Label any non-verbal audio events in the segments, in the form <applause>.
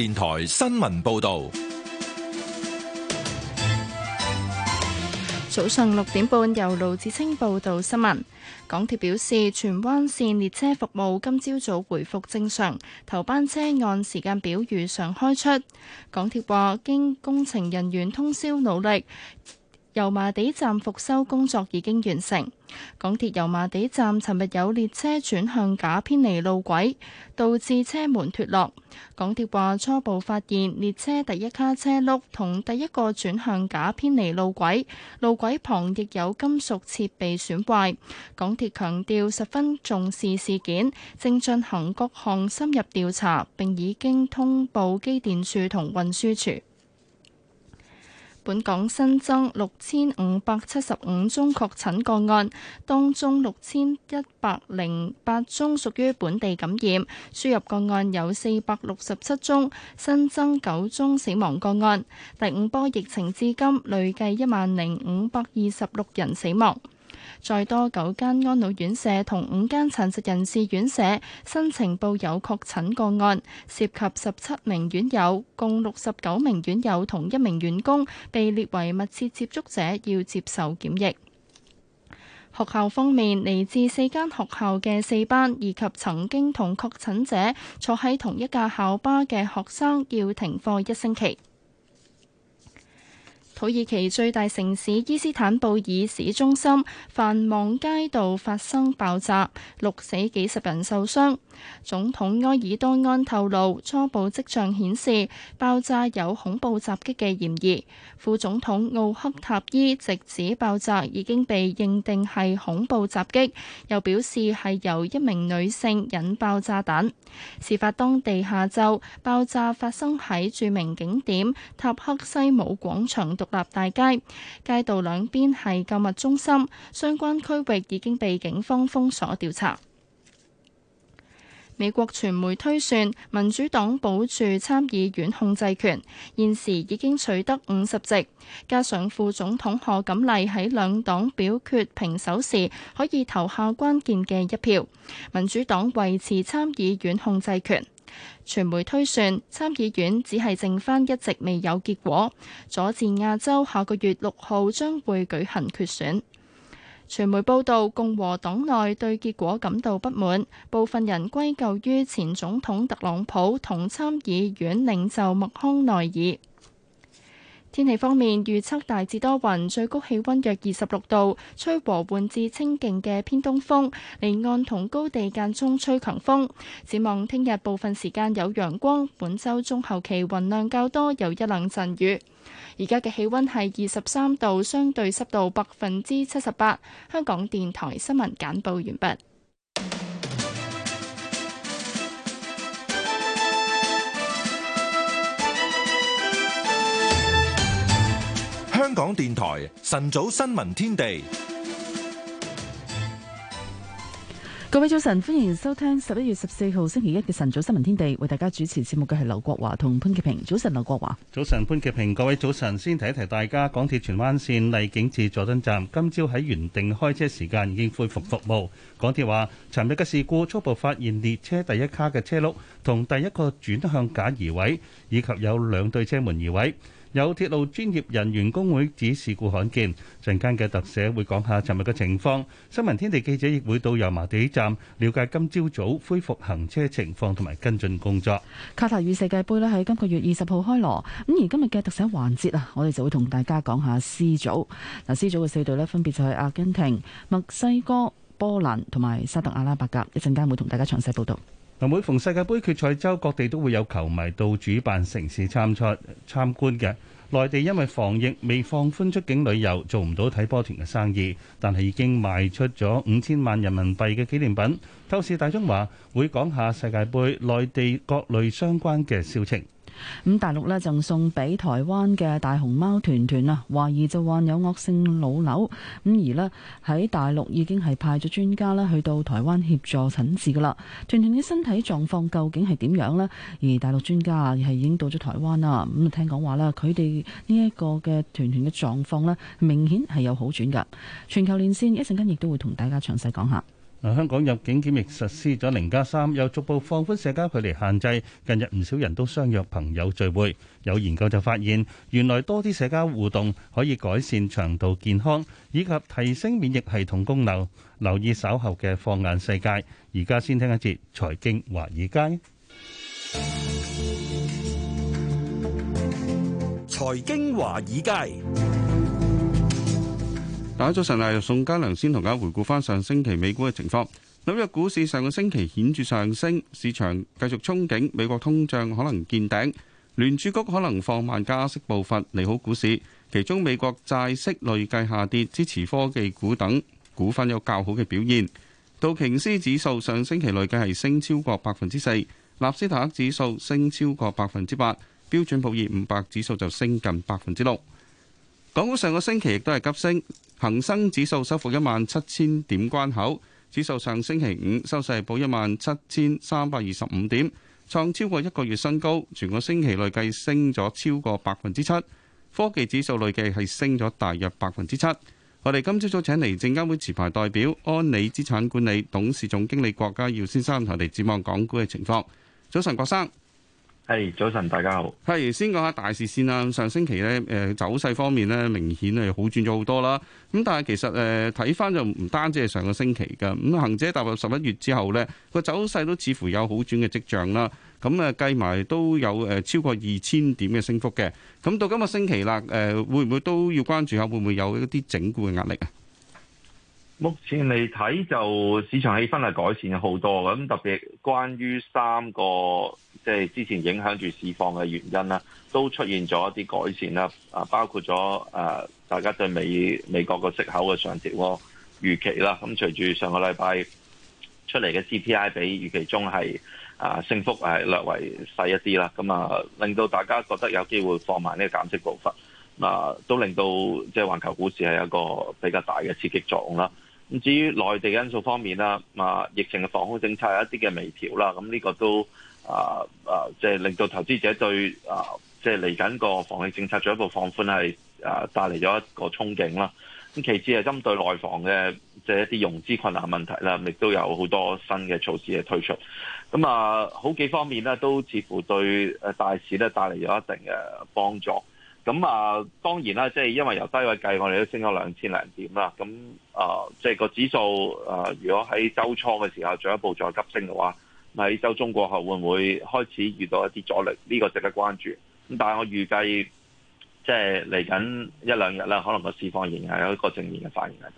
電台新聞報道，早上六點半由盧智清報道新聞。港鐵表示，荃灣綫列車服務今朝早回復正常，頭班車按時間表如常開出。港鐵話，經工程人員通宵努力。油麻地站復修工作已經完成。港鐵油麻地站尋日有列車轉向架偏離路軌，導致車門脱落。港鐵話，初步發現列車第一卡車轆同第一個轉向架偏離路軌，路軌旁亦有金屬設備損壞。港鐵強調十分重視事件，正進行各項深入調查，並已經通報機電處同運輸處。本港新增六千五百七十五宗確診個案，當中六千一百零八宗屬於本地感染，輸入個案有四百六十七宗，新增九宗死亡個案。第五波疫情至今累計一萬零五百二十六人死亡。再多九間安老院舍同五間殘疾人士院舍申請報有確診個案，涉及十七名院友，共六十九名院友同一名員工被列為密切接觸者，要接受檢疫。學校方面，嚟自四間學校嘅四班，以及曾經同確診者坐喺同一架校巴嘅學生，要停課一星期。土耳其最大城市伊斯坦布爾市中心繁忙街道發生爆炸，六死幾十人受傷，總統埃爾多安透露，初步跡象顯示爆炸有恐怖襲擊嘅嫌疑。副總統奧克塔伊直指爆炸已經被認定係恐怖襲擊，又表示係由一名女性引爆炸彈，事發當地下晝爆炸發生喺著名景點塔克西姆廣場度。立大街街道兩邊係購物中心，相關區域已經被警方封鎖調查。美國傳媒推算，民主黨保住參議院控制權，現時已經取得五十席，加上副總統賀錦麗喺兩黨表決平手時可以投下關鍵嘅一票，民主黨維持參議院控制權。傳媒推算，參議院只係剩返一直未有結果。佐治亞州下個月六號將會舉行決選。傳媒報導，共和黨內對結果感到不滿，部分人歸咎於前總統特朗普同參議院領袖麥康奈爾。天氣方面，預測大致多雲，最高氣溫約二十六度，吹和緩至清勁嘅偏東風，離岸同高地間中吹強風。展望聽日部分時間有陽光，本周中後期雲量較多，有一兩陣雨。而家嘅氣溫係二十三度，相對濕度百分之七十八。香港電台新聞簡報完畢。香港電台晨早新聞天地，各位早晨，歡迎收聽十一月十四號星期一嘅晨早新聞天地，為大家主持節目嘅係劉國華同潘潔平。早晨，劉國華。早晨，潘潔平。各位早晨，先提一提大家，港鐵荃灣線荔景至佐敦站今朝喺原定開車時間已經恢復服、服務。港鐵話，尋日嘅事故初步發現列車第一卡嘅車轆同第一個轉向架移位，以及有兩對車門移位。有鐵路專業人員工會指事故罕見，陣間嘅特寫會講下尋日嘅情況。新聞天地記者亦會到油麻地站瞭解今朝早恢復行車情況同埋跟進工作。卡塔爾世界盃咧喺今個月二十號開鑼，咁而今日嘅特寫環節啊，我哋就會同大家講下 C 組。嗱，C 組嘅四隊咧分別就係阿根廷、墨西哥、波蘭同埋沙特阿拉伯，一陣間會同大家詳細報道。嗱，每逢世界盃決賽週，各地都會有球迷到主辦城市參賽參觀嘅。內地因為防疫未放寬出境旅遊，做唔到睇波團嘅生意，但係已經賣出咗五千萬人民幣嘅紀念品。透視大中華會講下世界盃內地各類相關嘅銷情。咁大陸咧贈送俾台灣嘅大熊貓團團啊，懷疑就患有惡性腦瘤，咁而咧喺大陸已經係派咗專家啦去到台灣協助診治噶啦。團團嘅身體狀況究竟係點樣呢？而大陸專家啊，係已經到咗台灣啦。咁聽講話啦，佢哋呢一個嘅團團嘅狀況咧，明顯係有好轉噶。全球連線一陣間亦都會同大家詳細講下。香港入境檢疫實施咗零加三，3，又逐步放寬社交距離限制。近日唔少人都相約朋友聚會。有研究就發現，原來多啲社交互動可以改善腸道健康，以及提升免疫系統功能。留意稍後嘅放眼世界。而家先聽一節財經華爾街。財經華爾街。大家早晨，由宋家良先同大家回顧翻，上星期美股嘅情況。紐約股市上個星期顯著上升，市場繼續憧憬美國通脹可能見頂，聯儲局可能放慢加息步伐，利好股市。其中美國債息累計下跌，支持科技股等股份有較好嘅表現。道瓊斯指數上星期累計係升超過百分之四，納斯達克指數升超過百分之八，標準普爾五百指數就升近百分之六。港股上個星期亦都係急升，恒生指數收復一萬七千點關口。指數上星期五收市係報一萬七千三百二十五點，創超過一個月新高。全個星期累計升咗超過百分之七，科技指數累計係升咗大約百分之七。我哋今朝早請嚟證監會持牌代表安理資產管理董事總經理郭家耀先生，同我哋展望港股嘅情況。早晨，郭生。係、hey, 早晨，大家好。係先講下大市先啦。上星期咧，誒、呃、走勢方面咧，明顯咧好轉咗好多啦。咁但係其實誒睇翻就唔單止係上個星期噶。咁、嗯、恒指踏入十一月之後咧，個走勢都似乎有好轉嘅跡象啦。咁啊計埋都有誒、呃、超過二千點嘅升幅嘅。咁、嗯、到今個星期啦，誒、呃、會唔會都要關注下會唔會有一啲整固嘅壓力啊？目前嚟睇，就市場氣氛係改善好多咁，特別關於三個即係、就是、之前影響住市況嘅原因啦，都出現咗一啲改善啦。啊，包括咗誒、呃，大家對美美國個息口嘅上調、哦、預期啦。咁、啊、隨住上個禮拜出嚟嘅 CPI 比預期中係啊升幅係略為細一啲啦。咁啊，令到大家覺得有機會放慢呢個減息步伐，啊，都令到即係、就是、環球股市係一個比較大嘅刺激作用啦。啊咁至於內地因素方面啦，啊，疫情嘅防控政策有一啲嘅微調啦，咁呢個都啊啊，即係令到投資者對啊、呃，即係嚟緊個防疫政策進一步放寬係啊，帶嚟咗一個憧憬啦。咁其次係針對內房嘅即係一啲融資困難問題啦，亦都有好多新嘅措施嘅推出。咁啊、呃，好幾方面咧都似乎對誒大市咧帶嚟咗一定嘅幫助。咁啊，當然啦，即係因為由低位計，我哋都升咗兩千零點啦。咁啊、呃，即係個指數啊、呃，如果喺周初嘅時候進一步再急升嘅話，喺周中過後會唔會開始遇到一啲阻力？呢、這個值得關注。咁但係我預計即係嚟緊一兩日啦，可能個市況仍係有一個正面嘅反應喺度。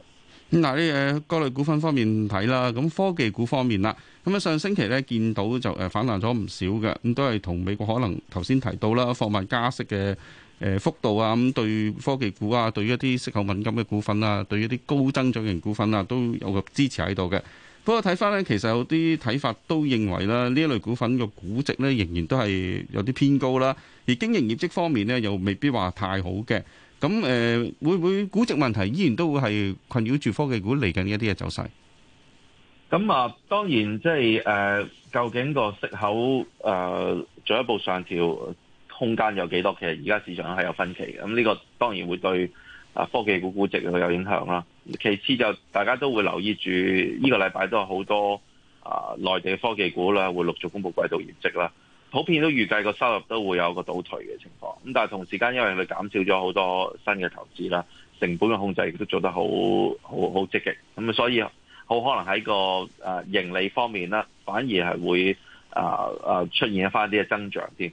嗱，呢誒各類股份方面睇啦，咁科技股方面啦，咁啊上星期咧見到就誒反彈咗唔少嘅，咁都係同美國可能頭先提到啦，放慢加息嘅。誒、呃、幅度啊，咁、嗯、對科技股啊，對一啲息口敏感嘅股份啦、啊，對一啲高增長型股份啊，都有個支持喺度嘅。不過睇翻咧，其實有啲睇法都認為咧，呢一類股份嘅估值咧，仍然都係有啲偏高啦。而經營業績方面咧，又未必話太好嘅。咁誒、呃，會唔會估值問題依然都會係困擾住科技股嚟緊一啲嘅走勢？咁、嗯、啊，當然即係誒，究竟個息口誒進、呃、一步上調？空間有幾多？其實而家市場係有分歧嘅，咁、這、呢個當然會對啊科技股估值會有影響啦。其次就大家都會留意住呢、這個禮拜都有好多啊內、呃、地嘅科技股啦，會陸續公布季度業績啦。普遍都預計個收入都會有一個倒退嘅情況。咁但係同時間因為佢減少咗好多新嘅投資啦，成本嘅控制亦都做得好好好積極，咁所以好可能喺個啊盈利方面咧，反而係會啊啊、呃呃、出現一翻啲嘅增長添。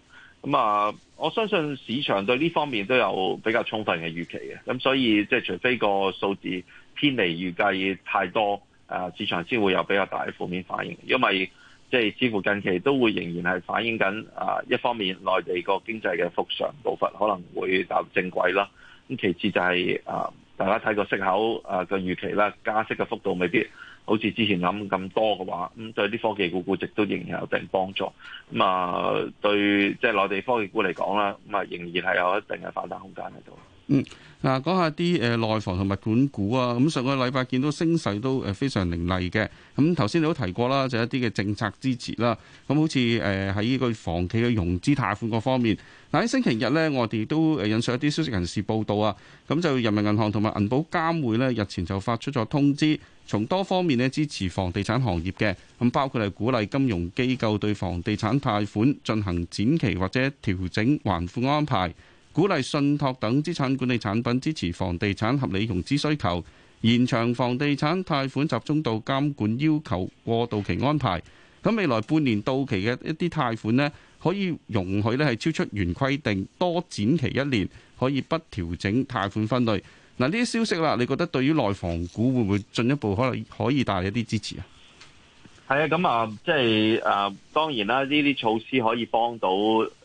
咁啊、嗯，我相信市場對呢方面都有比較充分嘅預期嘅。咁、嗯、所以即係除非個數字偏離預計太多，誒、啊，市場先會有比較大嘅負面反應。因為即係似乎近期都會仍然係反映緊誒、啊、一方面內地個經濟嘅復常步伐可能會踏入正軌啦。咁其次就係、是、誒、啊，大家睇個息口誒嘅預期啦，加息嘅幅度未必。好似之前諗咁多嘅話，咁對啲科技股估值都仍然有一定幫助。咁啊，對即係內地科技股嚟講啦，咁啊仍然係有一定嘅反彈空間喺度。嗯。嗱，講下啲誒內房同埋物管股啊，咁上個禮拜見到升勢都誒非常凌厲嘅。咁頭先你都提過啦，就一啲嘅政策支持啦。咁好似誒喺呢個房企嘅融資貸款嗰方面，喺星期日呢，我哋都誒引述一啲消息人士報道啊。咁就人民銀行同埋銀保監會呢，日前就發出咗通知，從多方面呢支持房地產行業嘅，咁包括係鼓勵金融機構對房地產貸款進行展期或者調整還款安排。鼓勵信託等資產管理產品支持房地產合理融資需求，延長房地產貸款集中度監管要求過渡期安排。咁未來半年到期嘅一啲貸款呢，可以容許呢係超出原規定多展期一年，可以不調整貸款分類。嗱，呢啲消息啦，你覺得對於內房股會唔會進一步可能可以帶嚟一啲支持啊？係啊，咁啊、就是，即係啊，當然啦，呢啲措施可以幫到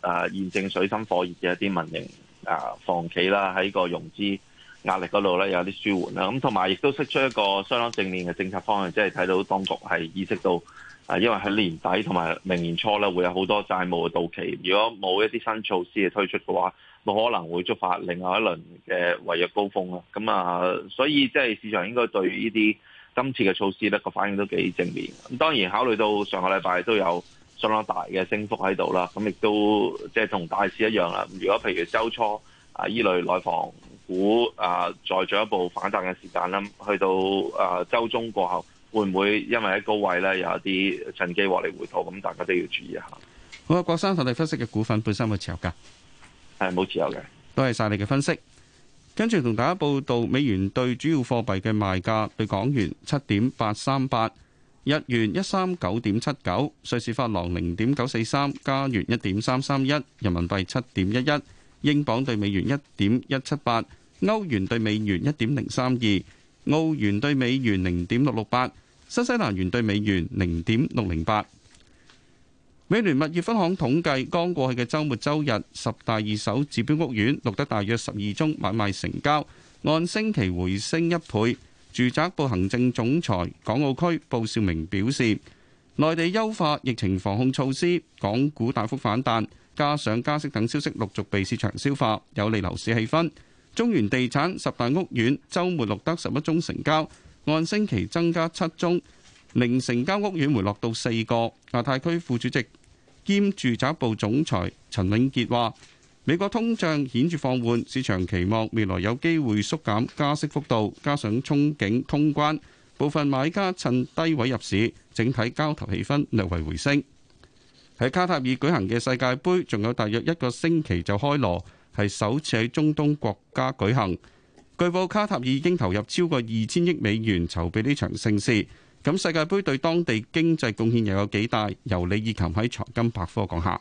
啊現正水深火熱嘅一啲民營。啊，房企啦喺個融資壓力嗰度咧有啲舒緩啦，咁同埋亦都釋出一個相當正面嘅政策方向，即係睇到當局係意識到啊，因為喺年底同埋明年初咧會有好多債務嘅到期，如果冇一啲新措施嘅推出嘅話，冇可能會觸發另外一輪嘅違約高峰啊。咁啊，所以即係市場應該對於呢啲今次嘅措施咧個反應都幾正面。咁當然考慮到上個禮拜都有。相當大嘅升幅喺度啦，咁亦都即係同大市一樣啦。如果譬如週初啊依類內房股啊再進一步反彈嘅時間啦，去到啊週中過後，會唔會因為喺高位咧有一啲趁機獲利回吐？咁大家都要注意下。好啊，郭生，同你分析嘅股份本身有冇持有噶？誒，冇持有嘅。多謝晒你嘅分析。跟住同大家報道，美元對主要貨幣嘅賣價對港元七點八三八。日元一三九點七九，瑞士法郎零點九四三，加元一點三三一，人民幣七點一一，英鎊對美元一點一七八，歐元對美元一點零三二，澳元對美元零點六六八，新西蘭元對美元零點六零八。美聯物業分行統計，剛過去嘅週末週日，十大二手指標屋苑錄得大約十二宗買賣成交，按星期回升一倍。住宅部行政總裁港澳區布少明表示，內地優化疫情防控措施，港股大幅反彈，加上加息等消息陸續被市場消化，有利樓市氣氛。中原地產十大屋苑周末錄得十一宗成交，按星期增加七宗，零成交屋苑回落到四個。亞太區副主席兼住宅部總裁陳永傑話。美國通脹顯著放緩，市場期望未來有機會縮減加息幅度，加上憧憬通關，部分買家趁低位入市，整體交投氣氛略為回升。喺卡塔爾舉行嘅世界盃，仲有大約一個星期就開鑼，係首次喺中東國家舉行。據報卡塔爾已經投入超過二千億美元籌備呢場盛事，咁世界盃對當地經濟貢獻又有幾大？由李以琴喺財經百科講下。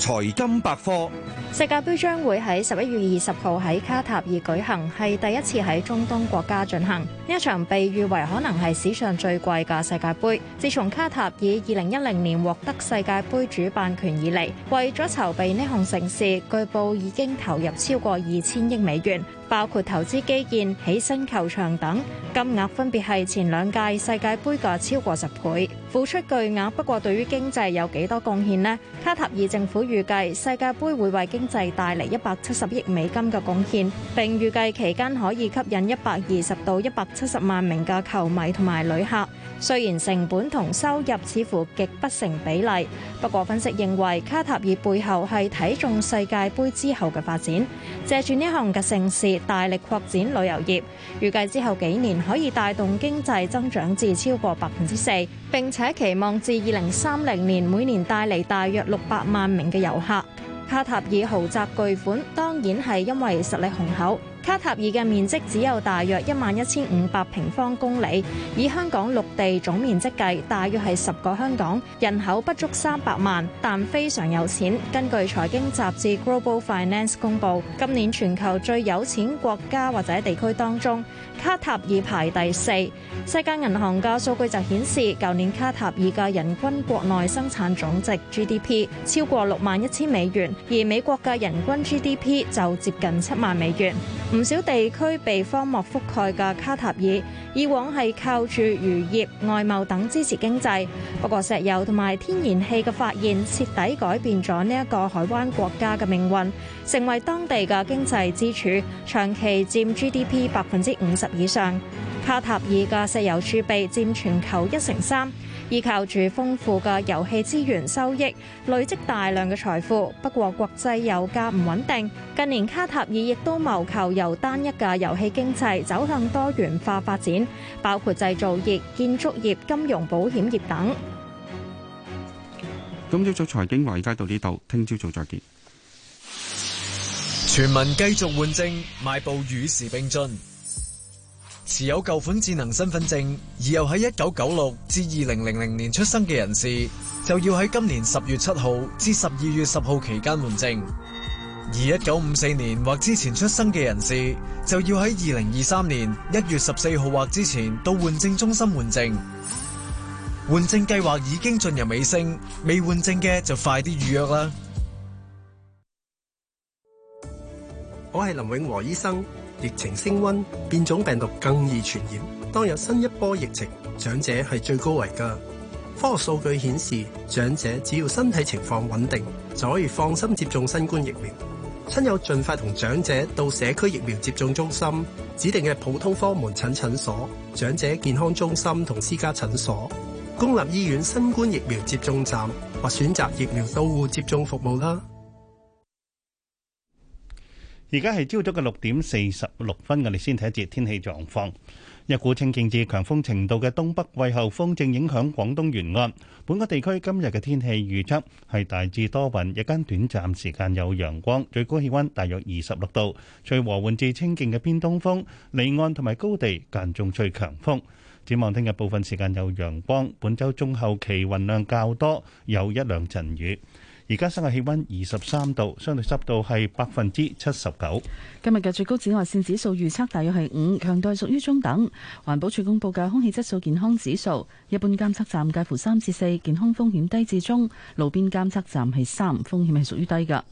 財金百科，世界盃將會喺十一月二十號喺卡塔爾舉行，係第一次喺中東國家進行。呢一場被譽為可能係史上最貴嘅世界杯，自從卡塔爾二零一零年獲得世界杯主辦權以嚟，為咗籌備呢項盛事，據報已經投入超過二千億美元，包括投資基建、起新球場等，金額分別係前兩屆世界杯嘅超過十倍，付出巨額。不過對於經濟有幾多貢獻呢？卡塔爾政府預計世界杯會為經濟帶嚟一百七十億美金嘅貢獻，並預計期間可以吸引一百二十到一百。七十萬名嘅球迷同埋旅客，雖然成本同收入似乎極不成比例，不過分析認為卡塔爾背後係睇重世界盃之後嘅發展，借住呢項嘅盛事大力擴展旅遊業，預計之後幾年可以帶動經濟增長至超過百分之四，並且期望至二零三零年每年帶嚟大約六百萬名嘅遊客。卡塔爾豪宅巨款，當然係因為實力雄厚。卡塔爾嘅面積只有大約一萬一千五百平方公里，以香港陸地總面積計，大約係十個香港。人口不足三百萬，但非常有錢。根據財經雜誌《Global Finance》公佈，今年全球最有錢國家或者地區當中，卡塔爾排第四。世界銀行嘅數據就顯示，舊年卡塔爾嘅人均國內生產總值 GDP 超過六萬一千美元，而美國嘅人均 GDP 就接近七萬美元。唔少地區被荒漠覆蓋嘅卡塔爾，以往係靠住漁業、外貿等支持經濟。不過，石油同埋天然氣嘅發現，徹底改變咗呢一個海灣國家嘅命運，成為當地嘅經濟支柱，長期佔 GDP 百分之五十以上。卡塔爾嘅石油儲備佔全球一成三。依靠住豐富嘅油氣資源收益，累積大量嘅財富。不過，國際油價唔穩定，近年卡塔爾亦都謀求由單一嘅油氣經濟走向多元化發展，包括製造業、建築業、金融保險業等。今朝早財經而家到呢度，聽朝早再見。全民繼續換證，邁步與時並進。持有舊款智能身份證而又喺一九九六至二零零零年出生嘅人士，就要喺今年十月七號至十二月十號期間換證；而一九五四年或之前出生嘅人士，就要喺二零二三年一月十四號或之前到換證中心換證。換證計劃已經進入尾聲，未換證嘅就快啲預約啦！我係林永和醫生。疫情升溫，變種病毒更易傳染。當有新一波疫情，長者係最高危噶。科學數據顯示，長者只要身體情況穩定，就可以放心接種新冠疫苗。親友盡快同長者到社區疫苗接種中心、指定嘅普通科門診診所、長者健康中心同私家診所、公立醫院新冠疫苗接種站或選擇疫苗到戶接種服務啦。而家係朝早嘅六點四十六分，我哋先睇一節天氣狀況。一股清勁至強風程度嘅東北季候風正影響廣東沿岸。本港地區今日嘅天氣預測係大致多雲，日間短暫時間有陽光，最高氣温大約二十六度。隨和緩至清勁嘅偏東風，離岸同埋高地間中吹強風。展望聽日部分時間有陽光，本周中後期雲量較多，有一兩陣雨。而家室外氣溫二十三度，相對濕度係百分之七十九。今日嘅最高紫外綫指數預測大約係五，強度屬於中等。環保署公布嘅空氣質素健康指數，一般監測站介乎三至四，健康風險低至中；路邊監測站係三，風險係屬於低嘅。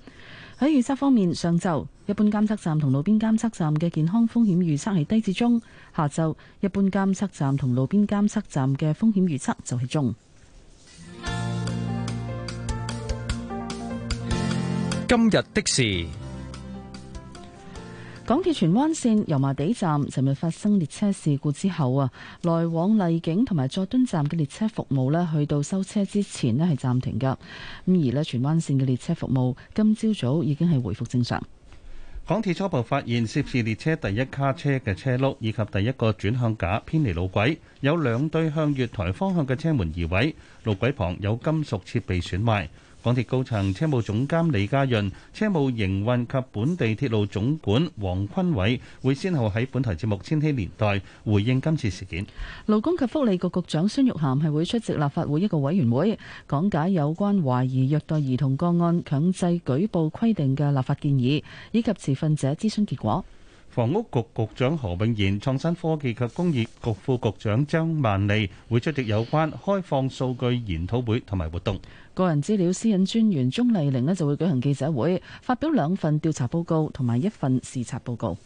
喺預測方面，上晝一般監測站同路邊監測站嘅健康風險預測係低至中；下晝一般監測站同路邊監測站嘅風險預測就係中。今日的事，港鐵荃灣綫油麻地站尋日發生列車事故之後啊，來往麗景同埋佐敦站嘅列車服務呢，去到收車之前呢係暫停噶。咁而呢荃灣綫嘅列車服務今朝早，早已經係回復正常。港鐵初步發現涉事列車第一卡車嘅車轆以及第一個轉向架偏離路軌，有兩對向月台方向嘅車門移位，路軌旁有金屬設備損壞。港鐵高層車務總監李家潤、車務營運及本地鐵路總管黃坤偉會先後喺本台節目《千禧年代》回應今次事件。勞工及福利局局長孫玉菡係會出席立法會一個委員會，講解有關懷疑虐待兒童個案強制舉報規定嘅立法建議，以及持份者諮詢結果。房屋局局長何永賢、創新科技及工業局副局長張曼莉會出席有關開放數據研討會同埋活動。個人資料私隱專員鍾麗玲呢就會舉行記者會，發表兩份調查報告同埋一份視察報告。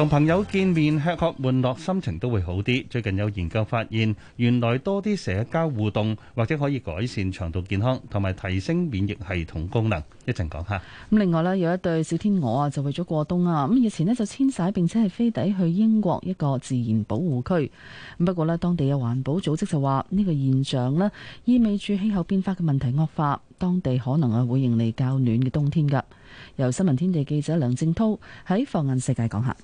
同朋友見面吃喝玩樂，心情都會好啲。最近有研究發現，原來多啲社交互動或者可以改善腸道健康，同埋提升免疫系統功能。一陣講下。咁。另外咧，有一對小天鵝啊，就為咗過冬啊。咁日前咧就遷徙並且係飛抵去英國一個自然保護區。不過咧，當地嘅環保組織就話呢、呢個現象咧，意味住氣候變化嘅問題惡化，當地可能啊會迎嚟較暖嘅冬天㗎。由新聞天地記者梁正滔喺放眼世界講下。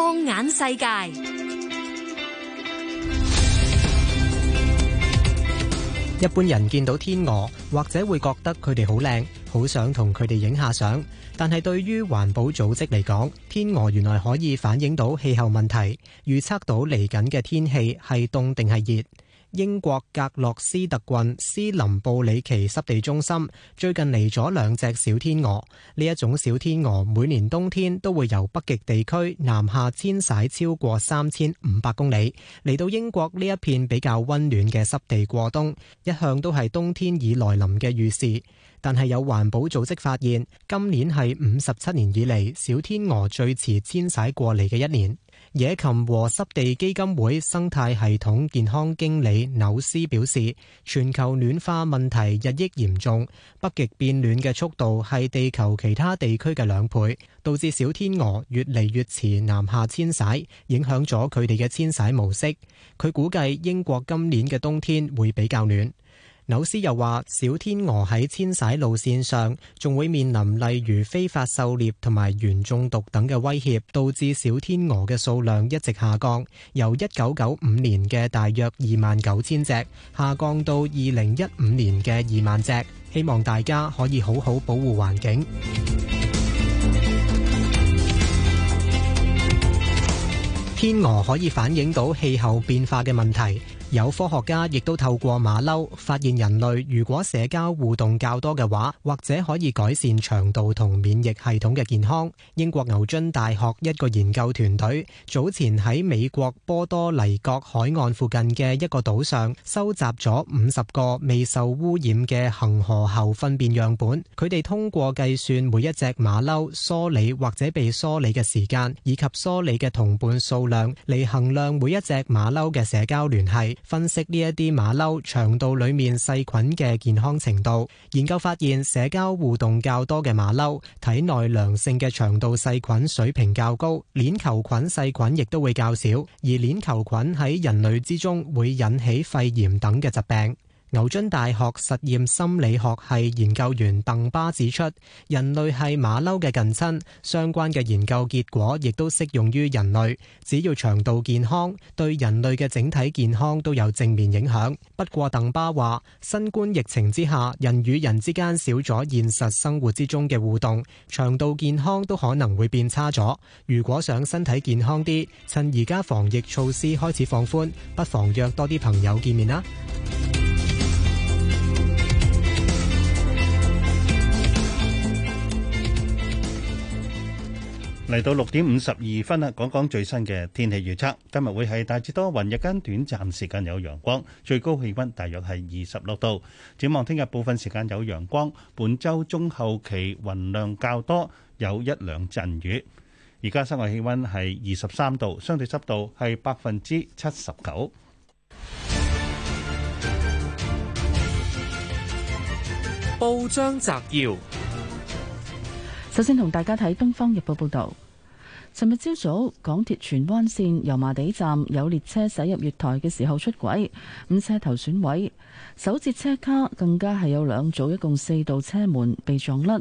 放眼世界，一般人見到天鵝，或者會覺得佢哋好靚，好想同佢哋影下相。但係對於環保組織嚟講，天鵝原來可以反映到氣候問題，預測到嚟緊嘅天氣係凍定係熱。英國格洛斯特郡斯林布里奇濕地中心最近嚟咗兩隻小天鵝。呢一種小天鵝每年冬天都會由北極地區南下遷徙超過三千五百公里，嚟到英國呢一片比較溫暖嘅濕地過冬，一向都係冬天以來臨嘅預示。但係有環保組織發現，今年係五十七年以嚟小天鵝最遲遷徙過嚟嘅一年。野禽和濕地基金會生態系統健康經理紐斯表示，全球暖化問題日益嚴重，北極變暖嘅速度係地球其他地區嘅兩倍，導致小天鵝越嚟越遲南下遷徙，影響咗佢哋嘅遷徙模式。佢估計英國今年嘅冬天會比較暖。紐斯又話：小天鵝喺遷徙路線上，仲會面臨例如非法狩獵同埋鉛中毒等嘅威脅，導致小天鵝嘅數量一直下降，由一九九五年嘅大約二萬九千隻，下降到二零一五年嘅二萬隻。希望大家可以好好保護環境。天鵝可以反映到氣候變化嘅問題。有科學家亦都透過馬騮發現，人類如果社交互動較多嘅話，或者可以改善腸道同免疫系統嘅健康。英國牛津大學一個研究團隊早前喺美國波多黎各海岸附近嘅一個島上收集咗五十個未受污染嘅恒河猴糞便樣本。佢哋通過計算每一隻馬騮梳理或者被梳理嘅時間，以及梳理嘅同伴數量，嚟衡量每一隻馬騮嘅社交聯繫。分析呢一啲馬騮腸道裏面細菌嘅健康程度，研究發現社交互動較多嘅馬騮，體內良性嘅腸道細菌水平較高，鏈球菌細菌亦都會較少，而鏈球菌喺人類之中會引起肺炎等嘅疾病。牛津大學實驗心理學系研究員鄧巴指出，人類係馬騮嘅近親，相關嘅研究結果亦都適用於人類。只要腸道健康，對人類嘅整體健康都有正面影響。不過，鄧巴話，新冠疫情之下，人與人之間少咗現實生活之中嘅互動，腸道健康都可能會變差咗。如果想身體健康啲，趁而家防疫措施開始放寬，不妨約多啲朋友見面啦。嚟到六點五十二分啦，講講最新嘅天氣預測。今日會係大致多雲，日間短暫時間有陽光，最高氣溫大約係二十六度。展望聽日部分時間有陽光，本周中後期雲量較多，有一兩陣雨。而家室外氣溫係二十三度，相對濕度係百分之七十九。報章摘要。首先同大家睇《東方日報》報道，尋日朝早港鐵荃灣線油麻地站有列車駛入月台嘅時候出軌，五車頭損毀，首節車卡更加係有兩組，一共四道車門被撞甩。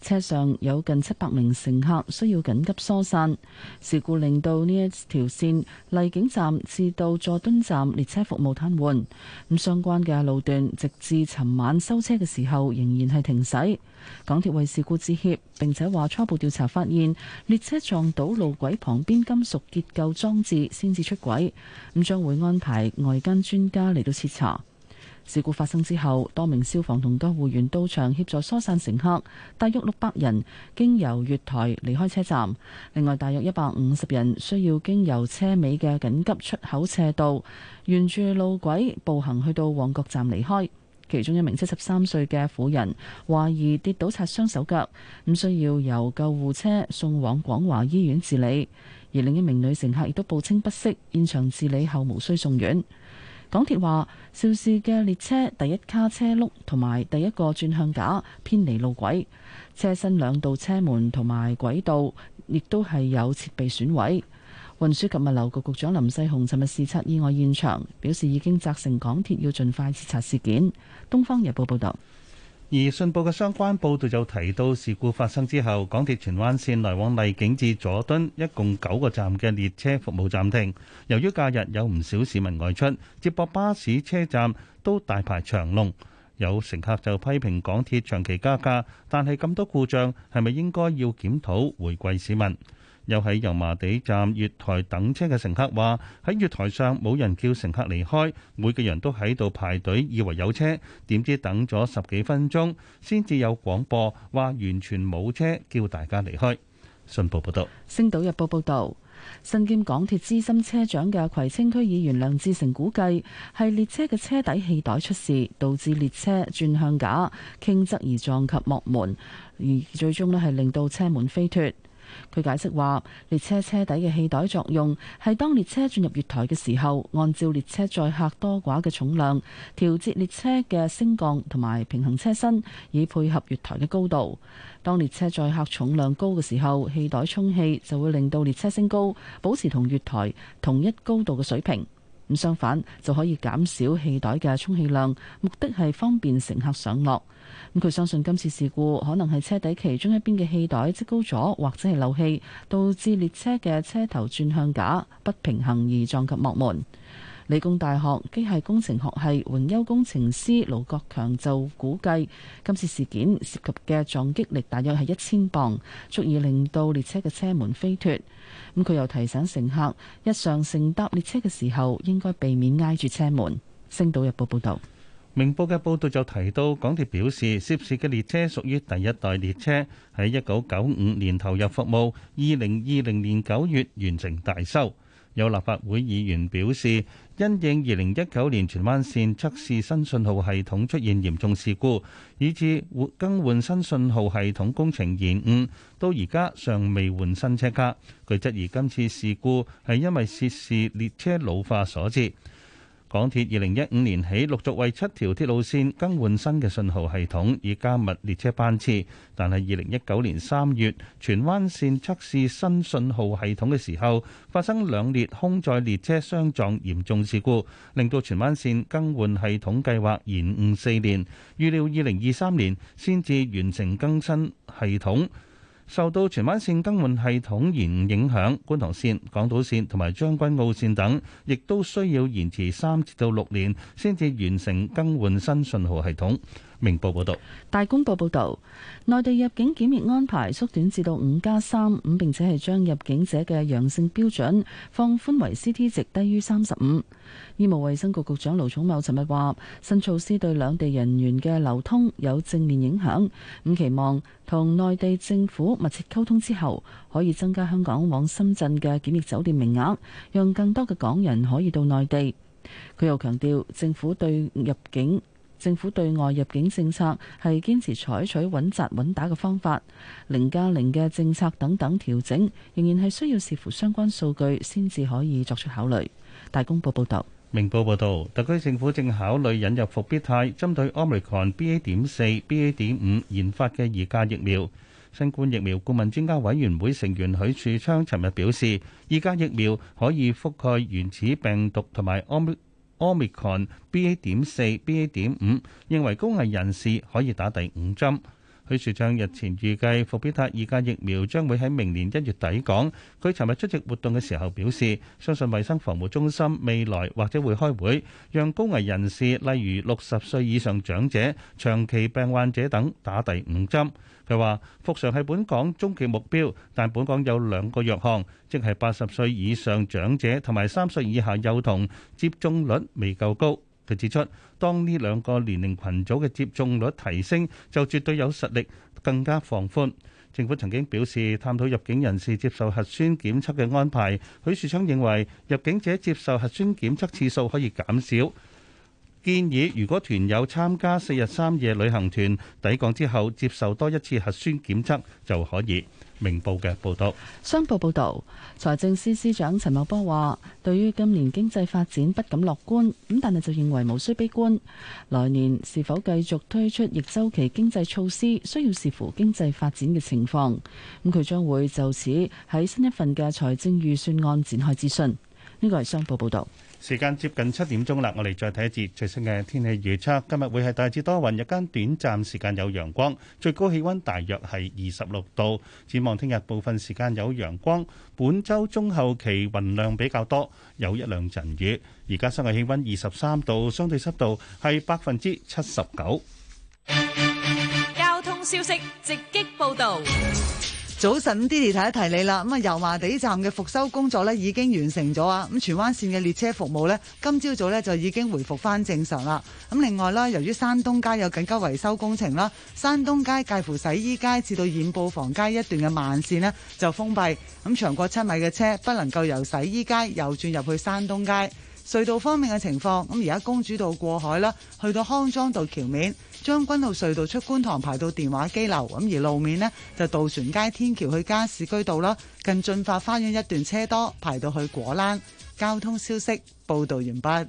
車上有近七百名乘客需要緊急疏散，事故令到呢一條線麗景站至到佐敦站列車服務癱瘓，咁相關嘅路段直至尋晚收車嘅時候仍然係停駛。港鐵為事故致歉，並且話初步調查發現列車撞到路軌旁邊金屬結構裝置先至出軌，咁將會安排外間專家嚟到徹查。事故發生之後，多名消防同救護員到場協助疏散乘客，大約六百人經由月台離開車站。另外，大約一百五十人需要經由車尾嘅緊急出口斜道，沿住路軌步行去到旺角站離開。其中一名七十三歲嘅婦人，懷疑跌倒擦傷手腳，咁需要由救護車送往廣華醫院治理。而另一名女乘客亦都報稱不適，現場治理後無需送院。港鐵話，肇事嘅列車第一卡車轆同埋第一個轉向架偏離路軌，車身兩道車門同埋軌道亦都係有設備損毀。運輸及物流局局長林世雄尋日視察意外現場，表示已經責成港鐵要盡快徹查事件。《東方日報》報道。而信報嘅相關報導就提到，事故發生之後，港鐵荃灣線來往荔景至佐敦一共九個站嘅列車服務暫停。由於假日有唔少市民外出，接駁巴士車站都大排長龍，有乘客就批評港鐵長期加價，但係咁多故障，係咪應該要檢討回饋市民？又喺油麻地站月台等車嘅乘客話：喺月台上冇人叫乘客離開，每個人都喺度排隊，以為有車，點知等咗十幾分鐘先至有廣播話完全冇車，叫大家離開。信報報道，《星島日報》報道，身兼港鐵資深車長嘅葵青區議員梁志成估計，係列車嘅車底氣袋出事，導致列車轉向架傾側而撞及幕門，而最終咧係令到車門飛脫。佢解釋話：列車車底嘅氣袋作用係當列車進入月台嘅時候，按照列車載客多寡嘅重量，調節列車嘅升降同埋平衡車身，以配合月台嘅高度。當列車載客重量高嘅時候，氣袋充氣就會令到列車升高，保持同月台同一高度嘅水平。咁相反就可以減少氣袋嘅充氣量，目的係方便乘客上落。咁佢相信今次事故可能係車底其中一邊嘅氣袋積高咗，或者係漏氣，導致列車嘅車頭轉向架不平衡而撞及幕門。理工大學機械工程學系榮休工程師盧國強就估計，今次事件涉及嘅撞擊力大約係一千磅，足以令到列車嘅車門飛脫。咁佢又提醒乘客，日常乘搭列車嘅時候應該避免挨住車門。星島日報報導。明報嘅報道就提到，港鐵表示涉事嘅列車屬於第一代列車，喺1995年投入服務，二零二零年9月完成大修。有立法會議員表示，因應2019年荃灣線測試新信號系統出現嚴重事故，以致更換新信號系統工程延誤，到而家尚未換新車卡。佢質疑今次事故係因為涉事列車老化所致。港鐵二零一五年起陸續為七條鐵路線更換新嘅信號系統，以加密列車班次。但係二零一九年三月，荃灣線測試新信號系統嘅時候，發生兩列空載列車相撞嚴重事故，令到荃灣線更換系統計劃延誤四年，預料二零二三年先至完成更新系統。受到荃灣線更換系統延誤影響，觀塘線、港島線同埋將軍澳線等，亦都需要延遲三至到六年先至完成更換新信號系統。明報報導，大公報報導，內地入境檢疫安排縮短至到五加三五，咁並且係將入境者嘅陽性標準放寬為 CT 值低於三十五。醫務衛生局局長盧寵茂尋日話：新措施對兩地人員嘅流通有正面影響。咁期望同內地政府密切溝通之後，可以增加香港往深圳嘅檢疫酒店名額，讓更多嘅港人可以到內地。佢又強調，政府對入境政府對外入境政策係堅持採取穩紮穩打嘅方法，零加零嘅政策等等調整，仍然係需要視乎相關數據先至可以作出考慮。大公報報道：「明報報道，特區政府正考慮引入復必泰，針對奧密克戎 BA. 點四、BA. 點五研發嘅二價疫苗。新冠疫苗顧問專家委員會成員許樹昌尋日表示，二價疫苗可以覆蓋原始病毒同埋 Omicron BA. 點四、BA. 點五，認為高危人士可以打第五針。許樹昌日前預計復必泰二價疫苗將會喺明年一月底港。佢尋日出席活動嘅時候表示，相信衞生防護中心未來或者會開會，讓高危人士例如六十歲以上長者、長期病患者等打第五針。佢話復常係本港終極目標，但本港有兩個弱項，即係八十歲以上長者同埋三歲以下幼童接種率未夠高。佢指出，當呢兩個年齡群組嘅接種率提升，就絕對有實力更加放寬。政府曾經表示探討入境人士接受核酸檢測嘅安排，許樹昌認為入境者接受核酸檢測次數可以減少。建議如果團友參加四日三夜旅行團抵港之後接受多一次核酸檢測就可以。明報嘅報導，商報報導，財政司司長陳茂波話，對於今年經濟發展不敢樂觀，咁但係就認為無需悲觀。來年是否繼續推出逆周期經濟措施，需要視乎經濟發展嘅情況。咁佢將會就此喺新一份嘅財政預算案展開諮詢。呢個係商報報導。時間接近七點鐘啦，我哋再睇一節最新嘅天氣預測。今日會係大致多雲，日間短暫時間有陽光，最高氣溫大約係二十六度。展望聽日部分時間有陽光，本周中後期雲量比較多，有一兩陣雨。而家室外氣溫二十三度，相對濕度係百分之七十九。交通消息直擊報道。早晨，Didi 提一提你啦。咁啊，油麻地站嘅復修工作咧已經完成咗啊。咁荃灣線嘅列車服務咧，今朝早呢就已經回復翻正常啦。咁另外啦，由於山東街有緊急維修工程啦，山東街介乎洗衣街至到染布房街一段嘅慢線呢就封閉。咁長過七米嘅車不能夠由洗衣街右轉入去山東街。隧道方面嘅情況，咁而家公主道過海啦，去到康莊道橋面。將軍澳隧道出觀塘排到電話機樓，咁而路面呢就渡船街天橋去加士居道啦。近駿發花園一段車多，排到去果欄。交通消息報道完畢。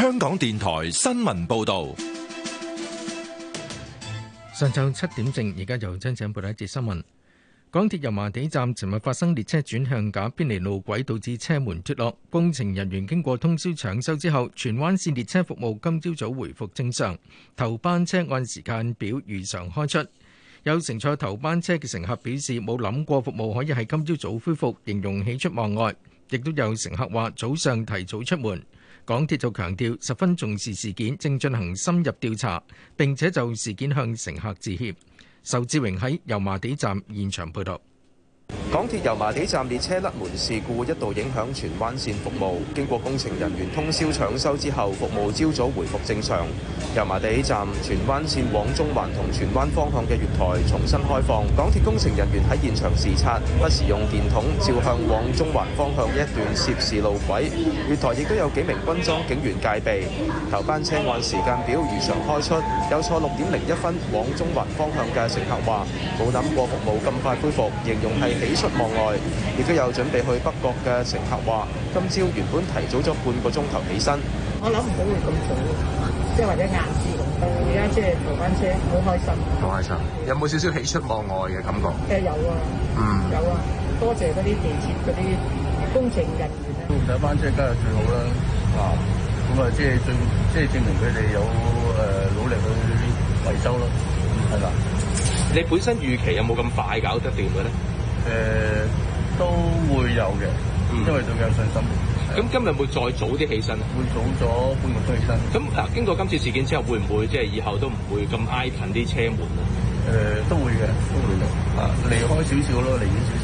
香港電台新聞報道。上晝七點正，而家由張子偉報道一節新聞。港鐵油麻地站尋日，發生列車轉向架偏離路軌，導致車門脫落。工程人員經過通宵搶修之後，荃灣線列車服務今朝早回復正常，頭班車按時間表如常開出。有乘坐頭班車嘅乘客表示，冇諗過服務可以喺今朝早恢復，形容喜出望外。亦都有乘客話，早上提早出門。港鐵就強調十分重視事件，正進行深入調查，並且就事件向乘客致歉。仇志榮喺油麻地站現場報導。港鐵油麻地站列車甩門事故一度影響荃灣線服務，經過工程人員通宵搶修之後服務朝早回復正常。油麻地站荃灣線往中環同荃灣方向嘅月台重新開放。港鐵工程人員喺現場視察，不時用電筒照向往中環方向一段涉事路軌，月台亦都有幾名軍裝警員戒備。頭班車按時間表如常開出，有坐6點01分往中環方向嘅乘客話冇諗過服務咁快恢復，形容係起出望外，亦都有準備去北角嘅乘客話：今朝原本提早咗半個鐘頭起身，我諗唔到會咁早，即係或者晏到而家即係頭班車，好開心，好開心，有冇少少喜出望外嘅感覺？誒、呃，有啊，嗯，有啊，多謝嗰啲地鐵嗰啲工程人員、啊。坐班車梗係最好啦，吓咁啊，即係證即係證明佢哋有誒努力去維修咯，係嘛？你本身預期有冇咁快搞得掂嘅咧？誒、呃，都會有嘅，因為仲有信心。咁、嗯嗯嗯、今日會再早啲起身，會早咗半個鐘起身。咁嗱、嗯，嗯、經過今次事件之後，會唔會即係以後都唔會咁挨近啲車門咧？誒、呃，都會嘅，都會嘅。啊，離開少少咯，離遠少少。是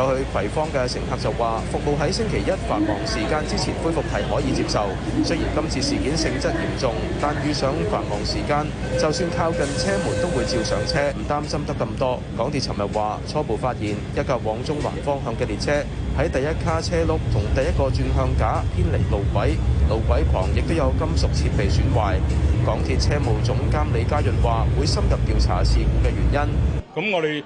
有去葵芳嘅乘客就話，服務喺星期一繁忙時間之前恢復係可以接受。雖然今次事件性質嚴重，但遇上繁忙時間，就算靠近車門都會照上車，唔擔心得咁多。港鐵尋日話初步發現一架往中環方向嘅列車喺第一卡車轆同第一個轉向架偏離路軌，路軌旁亦都有金屬設備損壞。港鐵車務總監李家潤話會深入調查事故嘅原因。咁我哋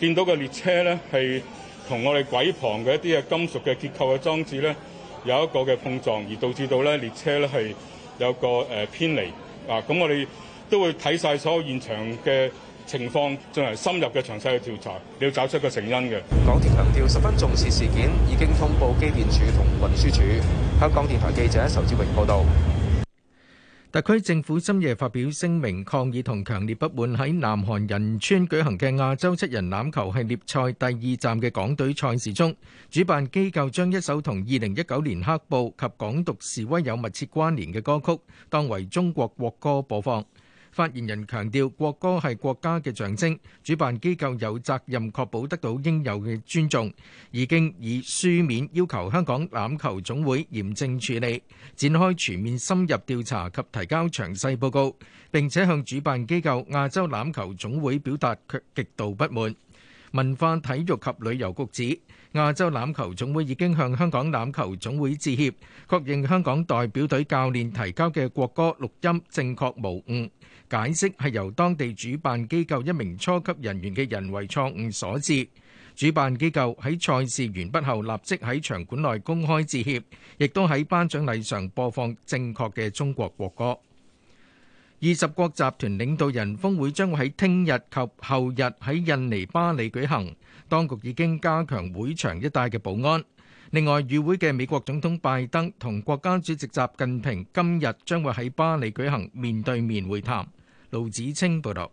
見到嘅列車咧，係 <coughs> 同我哋軌旁嘅一啲嘅金屬嘅結構嘅裝置咧，有一個嘅碰撞，而導致到咧列車咧係有個誒偏離啊！咁我哋都會睇晒所有現場嘅情況，進行深入嘅詳細嘅調查，你要找出個成因嘅。港鐵強調十分重視事件，已經通報機電署同運輸署。香港電台記者仇志榮報道。特區政府深夜發表聲明，抗議同強烈不滿喺南韓仁川舉行嘅亞洲七人欖球系列賽第二站嘅港隊賽事中，主辦機構將一首同二零一九年黑暴及港獨示威有密切關連嘅歌曲當為中國國歌播放。發言人強調，國歌係國家嘅象徵，主辦機構有責任確保得到應有嘅尊重，已經以書面要求香港欖球總會嚴正處理，展開全面深入調查及提交詳細報告，並且向主辦機構亞洲欖球總會表達卻極度不滿。文化、體育及旅遊局指，亞洲欖球總會已經向香港欖球總會致歉，確認香港代表隊教練提交嘅國歌錄音正確無誤，解釋係由當地主辦機構一名初級人員嘅人為錯誤所致。主辦機構喺賽事完畢後立即喺場館內公開致歉，亦都喺頒獎禮上播放正確嘅中國國歌。二十國集團領導人峰會將會喺聽日及後日喺印尼巴里舉行。當局已經加強會場一帶嘅保安。另外，與會嘅美國總統拜登同國家主席習近平今日將會喺巴黎舉行面對面會談。盧子清報道。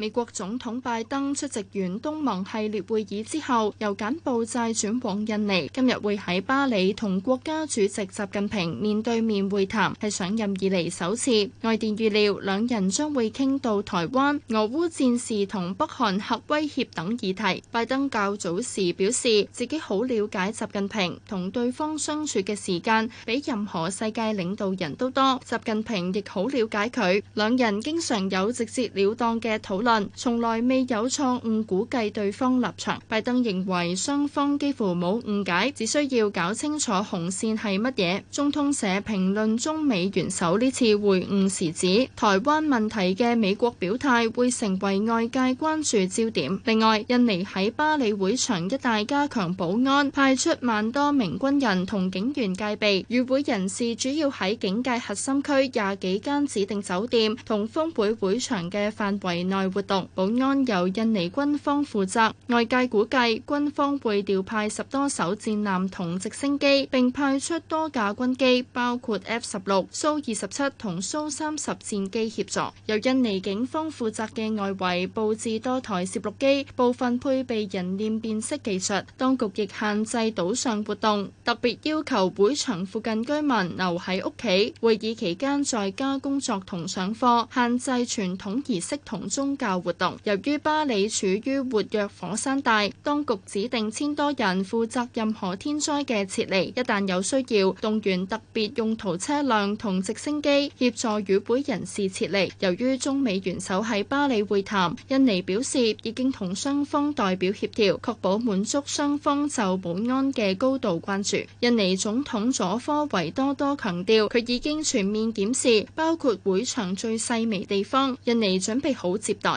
美國總統拜登出席完東盟系列會議之後，由柬埔寨轉往印尼，今日會喺巴黎同國家主席習近平面對面會談，係上任以嚟首次。外電預料兩人將會傾到台灣、俄烏戰事同北韓核威脅等議題。拜登較早時表示自己好了解習近平，同對方相處嘅時間比任何世界領導人都多，習近平亦好了解佢，兩人經常有直接了當嘅討論。從來未有錯誤估計對方立場。拜登認為雙方幾乎冇誤解，只需要搞清楚紅線係乜嘢。中通社評論中美元首呢次會晤時指，台灣問題嘅美國表態會成為外界關注焦點。另外，印尼喺巴里會場一帶加強保安，派出萬多名軍人同警員戒備。與會人士主要喺警戒核心區廿幾間指定酒店同峯會會場嘅範圍內。活動保安由印尼軍方負責，外界估計軍方會調派十多艘戰艦同直升機，並派出多架軍機，包括 F 十六、蘇二十七同蘇三十戰機協助。由印尼警方負責嘅外圍布置多台攝錄機，部分配備人臉辨識技術。當局亦限制島上活動，特別要求會場附近居民留喺屋企。會議期間在家工作同上課，限制傳統儀式同宗教。活動由於巴里處於活躍火山帶，當局指定千多人負責任何天災嘅撤離。一旦有需要，動員特別用途車輛同直升機協助與會人士撤離。由於中美元首喺巴里會談，印尼表示已經同雙方代表協調，確保滿足雙方就保安嘅高度關注。印尼總統佐科維多多強調，佢已經全面檢視，包括會場最細微地方。印尼準備好接待。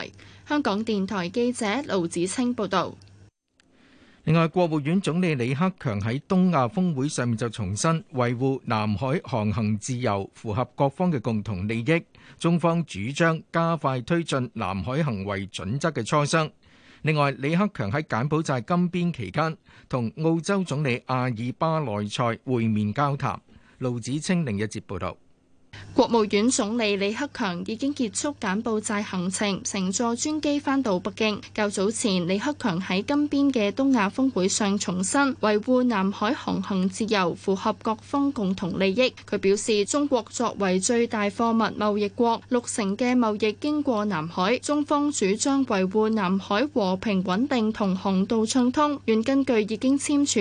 香港電台記者盧子清報道。另外，國務院總理李克強喺東亞峰會上面就重申維護南海航行自由，符合各方嘅共同利益。中方主張加快推進南海行為準則嘅磋商。另外，李克強喺柬埔寨金邊期間同澳洲總理阿爾巴內塞會面交談。盧子清另一節報道。國務院總理李克強已經結束柬埔寨行程，乘坐專機返到北京。較早前李克強喺金邊嘅東亞峰會上重申維護南海航行自由，符合各方共同利益。佢表示，中國作為最大貨物貿易國，六成嘅貿易經過南海。中方主張維護南海和平穩定同航道暢通，願根據已經簽署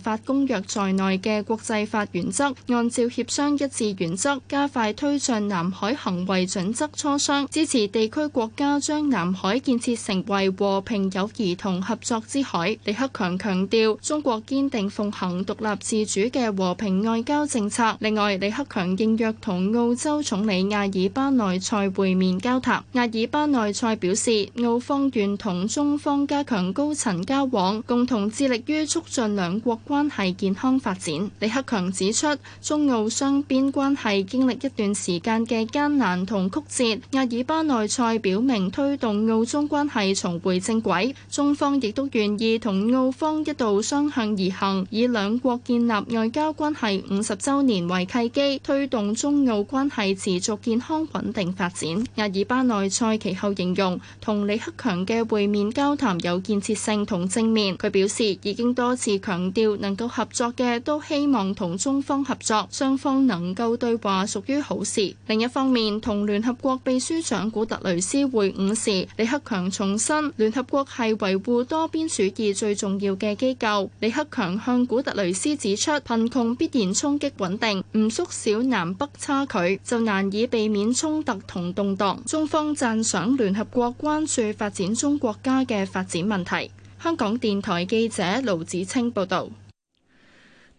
法公約在內嘅國際法原則，按照協商一致原則，加快推進南海行為準則磋商，支持地區國家將南海建設成為和平友誼同合作之海。李克強強調，中國堅定奉行獨立自主嘅和平外交政策。另外，李克強應約同澳洲總理阿爾巴內塞會面交談。阿爾巴內塞表示，澳方願同中方加強高層交往，共同致力於促進兩國關係健康發展。李克強指出，中澳雙邊關係經歷一段時間嘅艱難同曲折。阿爾巴內塞表明推動澳中關係重回正軌，中方亦都願意同澳方一道雙向而行，以兩國建立外交關係五十周年為契機，推動中澳關係持續健康穩定發展。阿爾巴內塞其後形容，同李克強嘅會面交談有建設性同正面。佢表示已經多次強調。能夠合作嘅都希望同中方合作，雙方能夠對話屬於好事。另一方面，同聯合國秘書長古特雷斯會晤時，李克強重申聯合國係維護多邊主義最重要嘅機構。李克強向古特雷斯指出，貧窮必然衝擊穩定，唔縮小南北差距，就難以避免衝突同動盪。中方讚賞聯合國關注發展中國家嘅發展問題。香港電台記者盧子清報導。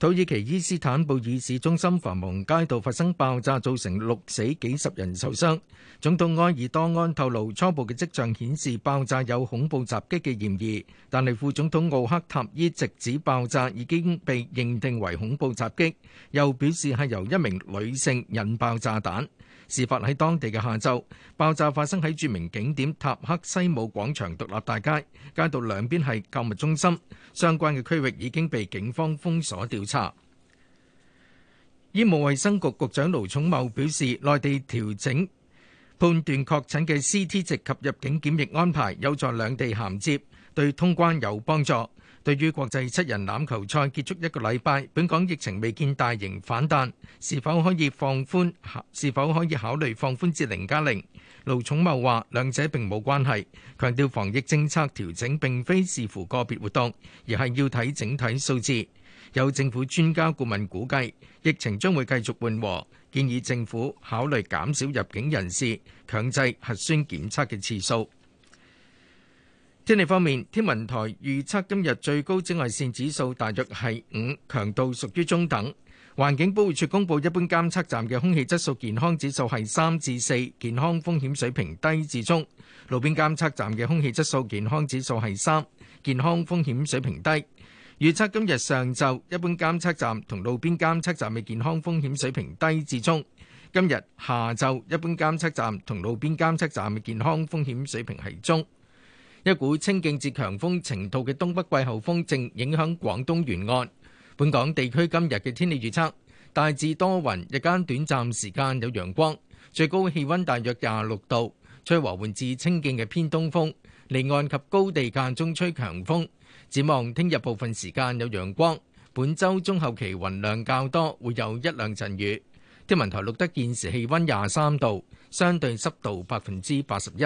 土耳其伊斯坦布爾市中心繁忙街道發生爆炸，造成六死幾十人受傷。總統埃爾多安透露初步嘅跡象顯示爆炸有恐怖襲擊嘅嫌疑，但係副總統奧克塔伊直指爆炸已經被認定為恐怖襲擊，又表示係由一名女性引爆炸彈。事發喺當地嘅下晝，爆炸發生喺著名景點塔克西姆廣場獨立大街，街道兩邊係購物中心，相關嘅區域已經被警方封鎖調查。醫務衛生局局長盧寵茂表示，內地調整判斷確診嘅 CT 值及入境檢疫安排，有助兩地銜接，對通關有幫助。對於國際七人欖球賽結束一個禮拜，本港疫情未見大型反彈，是否可以放寬？是否可以考慮放寬至零加零？0? 盧寵茂話兩者並冇關係，強調防疫政策調整並非視乎個別活動，而係要睇整體數字。有政府專家顧問估計，疫情將會繼續緩和，建議政府考慮減少入境人士強制核酸檢測嘅次數。天氣方面，天文台預測今日最高紫外線指數大約係五，強度屬於中等。環境保護署公布一般監測站嘅空氣質素健康指數係三至四，健康風險水平低至中；路邊監測站嘅空氣質素健康指數係三，健康風險水平低。預測今日上晝一般監測站同路邊監測站嘅健康風險水平低至中；今日下晝一般監測站同路邊監測站嘅健康風險水平係中。一股清勁至強風程度嘅東北季候風正影響廣東沿岸。本港地區今日嘅天氣預測大致多雲，日間短暫時間有陽光，最高氣温大約廿六度，吹和緩至清勁嘅偏東風，離岸及高地間中吹強風。展望聽日部分時間有陽光，本週中後期雲量較多，會有一兩陣雨。天文台錄得現時氣温廿三度，相對濕度百分之八十一。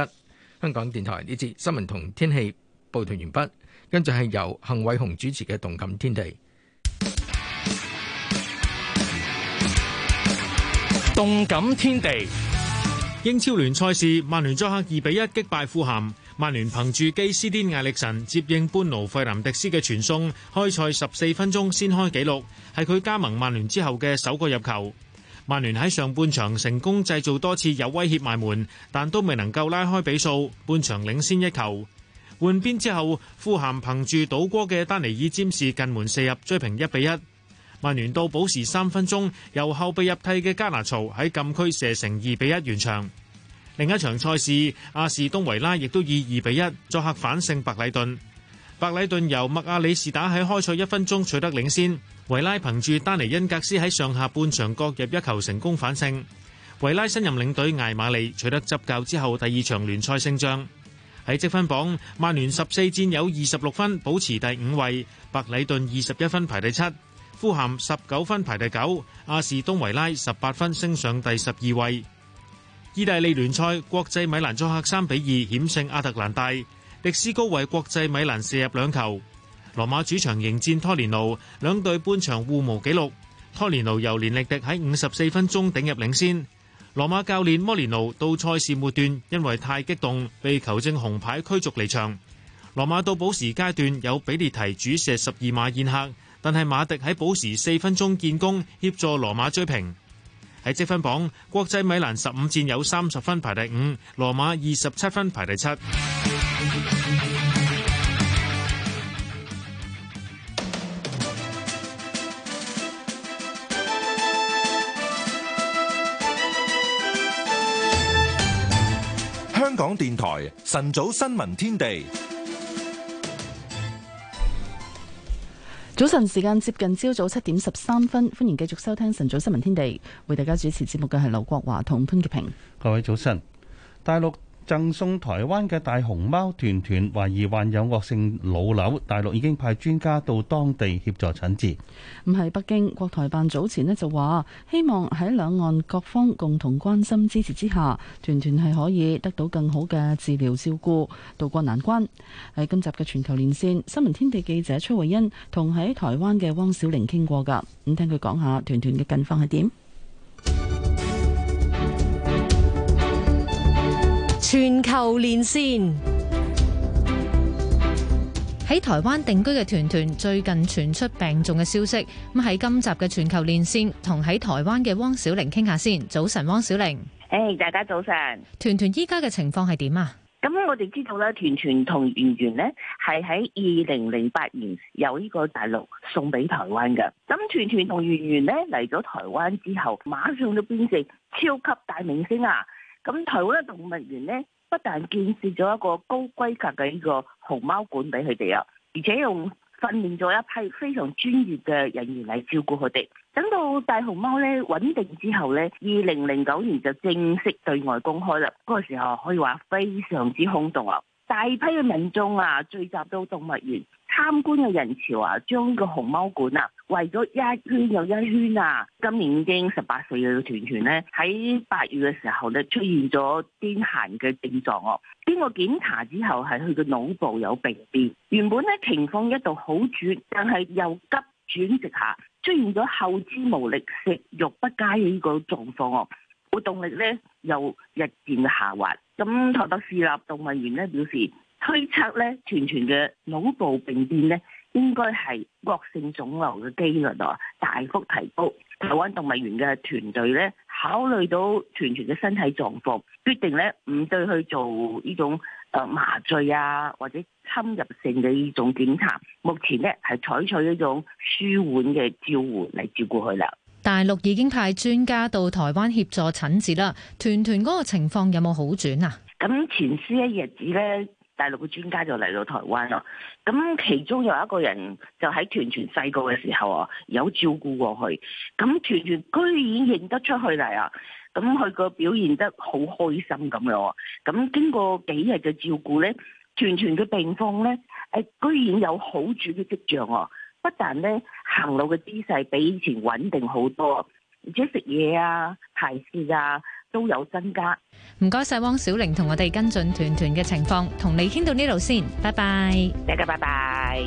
香港電台呢節新聞同天氣報道完畢，跟住係由幸偉雄主持嘅《動感天地》。動感天地， <noise> 英超聯賽事，曼聯作客二比一擊敗富咸。曼聯憑住基斯甸艾力臣接應般奴費林迪斯嘅傳送，開賽十四分鐘先開紀錄，係佢加盟曼聯之後嘅首個入球。曼聯喺上半場成功製造多次有威脅埋門，但都未能夠拉開比數，半場領先一球。換邊之後，富咸憑住倒戈嘅丹尼爾佔士近門射入，追平一比一。曼聯到補時三分鐘，由後備入替嘅加拿曹喺禁區射成二比一完場。另一場賽事，阿士東維拉亦都以二比一作客反勝白禮頓。白禮頓由麥亞里士打喺開賽一分鐘取得領先。維拉憑住丹尼恩格斯喺上下半場各入一球成功反勝，維拉新任領隊艾馬利取得執教之後第二場聯賽勝仗。喺積分榜，曼聯十四戰有二十六分保持第五位，白禮頓二十一分排第七，富咸十九分排第九，阿士東維拉十八分升上第十二位。意大利聯賽，國際米蘭作客三比二險勝阿特蘭大，迪斯高為國際米蘭射入兩球。羅馬主場迎戰拖連奴，兩隊半場互無紀錄。拖連奴由連力迪喺五十四分鐘頂入領先。羅馬教練摩連奴到賽事末段因為太激動被球證紅牌驅逐離場。羅馬到補時階段有比列提主射十二碼宴客，但係馬迪喺補時四分鐘建功協助羅馬追平。喺積分榜，國際米蘭十五戰有三十分排第五，羅馬二十七分排第七。電台晨早新聞天地，早晨時間接近朝早七點十三分，歡迎繼續收聽晨早新聞天地，為大家主持節目嘅係劉國華同潘潔平。各位早晨。大陸。贈送台灣嘅大熊貓團團懷疑患有惡性腦瘤，大陸已經派專家到當地協助診治。咁喺北京國台辦早前呢就話，希望喺兩岸各方共同關心支持之下，團團係可以得到更好嘅治療照顧，度過難關。喺今集嘅全球連線新聞天地記者崔慧欣同喺台灣嘅汪小玲傾過㗎，咁聽佢講下團團嘅近況係點？全球連線。喺台灣定居嘅團團最近傳出病重嘅消息，咁喺今集嘅全球連線同喺台灣嘅汪小玲傾下先。早晨，汪小玲。誒，hey, 大家早晨。團團依家嘅情況係點啊？咁我哋知道咧，團團同圓圓咧係喺二零零八年由呢個大陸送俾台灣嘅。咁團團同圓圓咧嚟咗台灣之後，馬上都變成超級大明星啊！咁台灣嘅動物園呢，不但建設咗一個高規格嘅呢個熊貓館俾佢哋啊，而且用訓練咗一批非常專業嘅人員嚟照顧佢哋。等到大熊貓呢穩定之後呢，二零零九年就正式對外公開啦。嗰個時候可以話非常之轟動啊，大批嘅民眾啊聚集到動物園。參觀嘅人潮啊，將呢個熊貓館啊圍咗一圈又一圈啊！今年已經十八歲嘅團團咧，喺八月嘅時候咧出現咗癲癇嘅症狀哦、啊。經過檢查之後，係佢嘅腦部有病變。原本咧情況一度好轉，但係又急轉直下，出現咗後肢無力、食欲不佳嘅呢個狀況哦、啊。活動力咧又日漸下滑。咁台北市立動物園咧表示。推測咧，團團嘅腦部病變咧，應該係惡性腫瘤嘅機率啊大幅提高。台灣動物園嘅團隊咧，考慮到團團嘅身體狀況，決定咧唔對去做呢種誒麻醉啊，或者侵入性嘅呢種檢查。目前咧係採取一種舒緩嘅照護嚟照顧佢啦。大陸已經派專家到台灣協助診治啦。團團嗰個情況有冇好轉啊？咁前一日子咧。大陸嘅專家就嚟到台灣咯，咁其中有一個人就喺團團細個嘅時候啊，有照顧過佢，咁團團居然認得出佢嚟啊，咁佢個表現得好開心咁樣喎，咁經過幾日嘅照顧咧，團團嘅病況咧，誒居然有好轉嘅跡象喎，不但咧行路嘅姿勢比以前穩定好多，而且食嘢啊、排泄啊，都有增加，唔該晒汪小玲同我哋跟進團團嘅情況，同你傾到呢度先，拜拜，大家拜拜。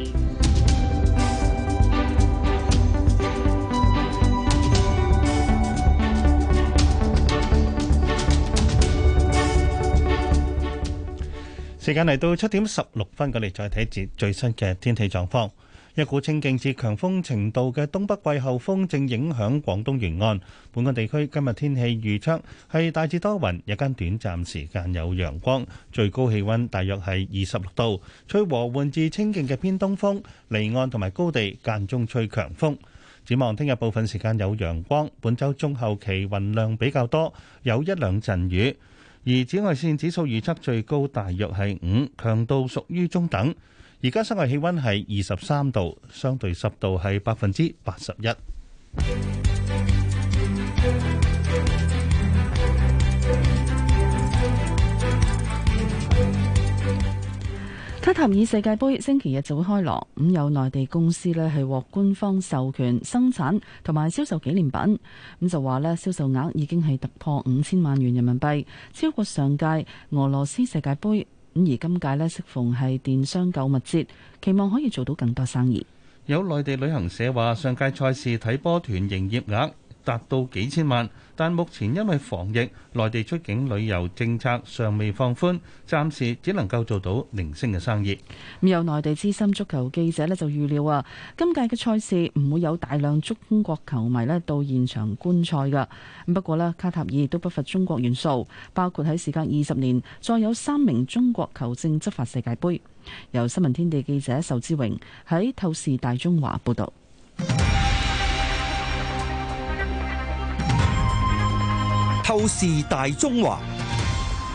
時間嚟到七點十六分，我哋再睇住最新嘅天氣狀況。一股清勁至強風程度嘅東北季候風正影響廣東沿岸，本港地區今日天氣預測係大致多雲，有間短暫時間有陽光，最高氣温大約係二十六度，吹和緩至清勁嘅偏東風，離岸同埋高地間中吹強風。展望聽日部分時間有陽光，本週中後期雲量比較多，有一兩陣雨，而紫外線指數預測最高大約係五，強度屬於中等。而家室外氣温係二十三度，相對濕度係百分之八十一。卡塔爾世界盃星期日就會開鑼，咁有內地公司呢係獲官方授權生產同埋銷售紀念品，咁就話呢銷售額已經係突破五千萬元人民幣，超過上屆俄羅斯世界盃。咁而今屆呢，適逢係電商購物節，期望可以做到更多生意。有內地旅行社話，上屆賽事睇波團營業額，達到幾千萬，但目前因為防疫，內地出境旅遊政策尚未放寬，暫時只能夠做到零星嘅生意。有由內地資深足球記者咧就預料啊，今屆嘅賽事唔會有大量中國球迷咧到現場觀賽嘅。不過咧，卡塔爾都不乏中國元素，包括喺時隔二十年，再有三名中國球證執法世界盃。由新聞天地記者壽之榮喺透視大中華報導。透視大中華，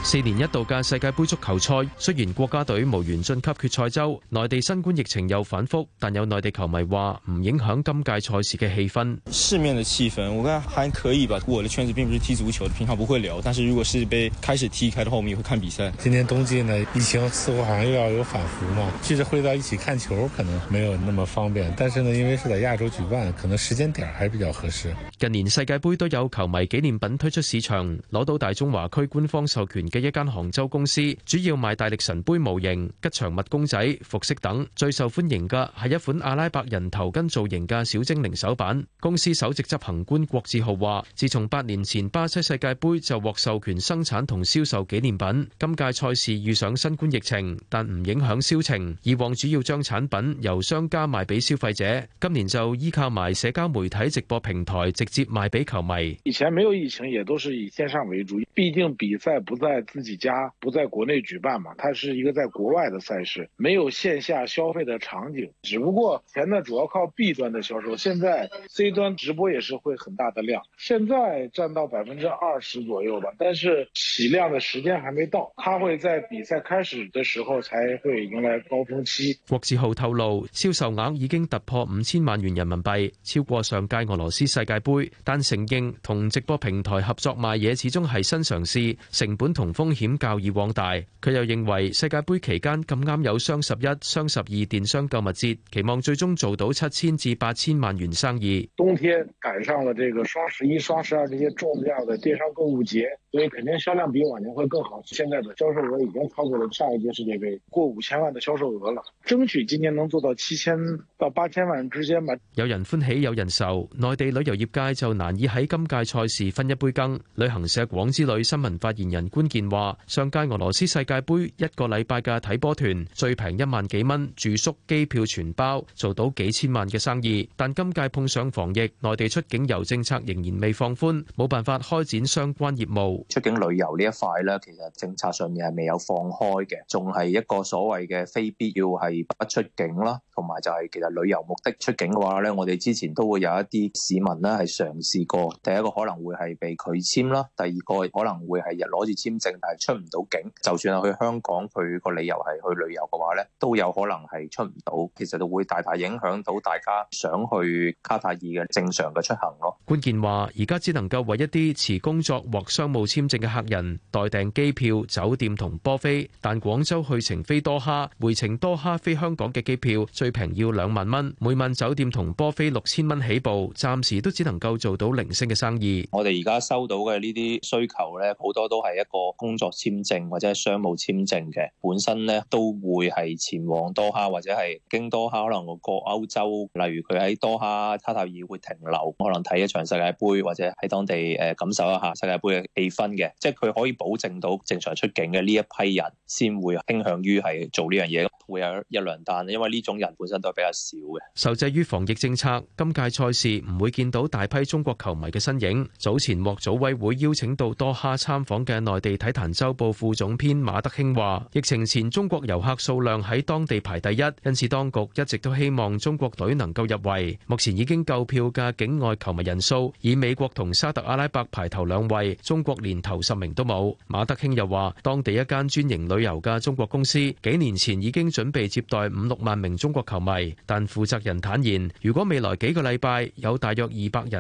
四年一度嘅世界杯足球賽，雖然國家隊無緣晉級決賽周，內地新冠疫情又反覆，但有內地球迷話唔影響今屆賽事嘅氣氛。市面嘅氣氛我覺得還可以吧。我的圈子並不是踢足球，平常不會聊。但是如果世界杯開始踢開的話，我們也會看比賽。今年冬季呢，疫情似乎好像又要有反覆嘛，其實會到一起看球可能沒有那麼方便。但是呢，因為是在亞洲舉辦，可能時間點還比較合適。近年世界杯都有球迷紀念品推出市場，攞到大中華區官方授權嘅一間杭州公司，主要賣大力神杯模型、吉祥物公仔、服飾等。最受歡迎嘅係一款阿拉伯人頭巾造型嘅小精靈手板。公司首席執行官郭志豪話，自從八年前巴西世界杯就獲授權生產同銷售紀念品，今屆賽事遇上新冠疫情，但唔影響銷情，以往主要將產品由商家賣俾消費者，今年就依靠埋社交媒體直播平台直接賣俾球迷。以前沒有疫情，也都是以線上為主，畢竟比賽不在自己家，不在國內舉辦嘛，它是一個在國外的賽事，沒有線下消費的場景。只不過前面主要靠 B 端的銷售，現在 C 端直播也是會很大的量，現在佔到百分之二十左右吧。但是起量的時間還沒到，它會在比賽開始的時候才會迎來高峰期。霍志浩透露，銷售額已經突破五千萬元人民幣，超過上屆俄羅斯世界杯。但承認同直播平台合作賣嘢始終係新嘗試，成本同風險較以往大。佢又認為世界盃期間咁啱有雙十一、雙十二電商購物節，期望最終做到七千至八千萬元生意。冬天趕上了這個雙十一、雙十二這些重要的電商購物節，所以肯定銷量比往年會更好。現在的銷售額已經超過了上一屆世界盃過五千萬的銷售額了，爭取今年能做到七千到八千萬之間吧。有人歡喜有人愁，內地旅遊業界，就難以喺今屆賽事分一杯羹。旅行社廣之旅新聞發言人官健話：上屆俄羅斯世界盃一個禮拜嘅睇波團最平一萬幾蚊，住宿機票全包，做到幾千萬嘅生意。但今屆碰上防疫，內地出境遊政策仍然未放寬，冇辦法開展相關業務。出境旅遊呢一塊咧，其實政策上面係未有放開嘅，仲係一個所謂嘅非必要係不出境啦，同埋就係其實旅遊目的出境嘅話咧，我哋之前都會有一啲市民咧係。嘗試過，第一個可能會係被拒簽啦；第二個可能會係攞住簽證但係出唔到境。就算係去香港，佢個理由係去旅遊嘅話，呢都有可能係出唔到。其實就會大大影響到大家想去卡塔爾嘅正常嘅出行咯。關鍵話，而家只能夠為一啲持工作或商務簽證嘅客人代訂機票、酒店同波飛。但廣州去程飛多哈，回程多哈飛香港嘅機票最平要兩萬蚊，每晚酒店同波飛六千蚊起步。暫時都只能夠做到零星嘅生意。我哋而家收到嘅呢啲需求呢，好多都係一個工作簽證或者商務簽證嘅，本身呢，都會係前往多哈或者係經多哈，可能過歐洲。例如佢喺多哈、卡塔爾會停留，可能睇一場世界杯或者喺當地誒感受一下世界杯嘅氣氛嘅。即係佢可以保證到正常出境嘅呢一批人，先會傾向於係做呢樣嘢，會有一兩單。因為呢種人本身都係比較少嘅。受制於防疫政策，今屆賽事唔會見到大。批中國球迷嘅身影，早前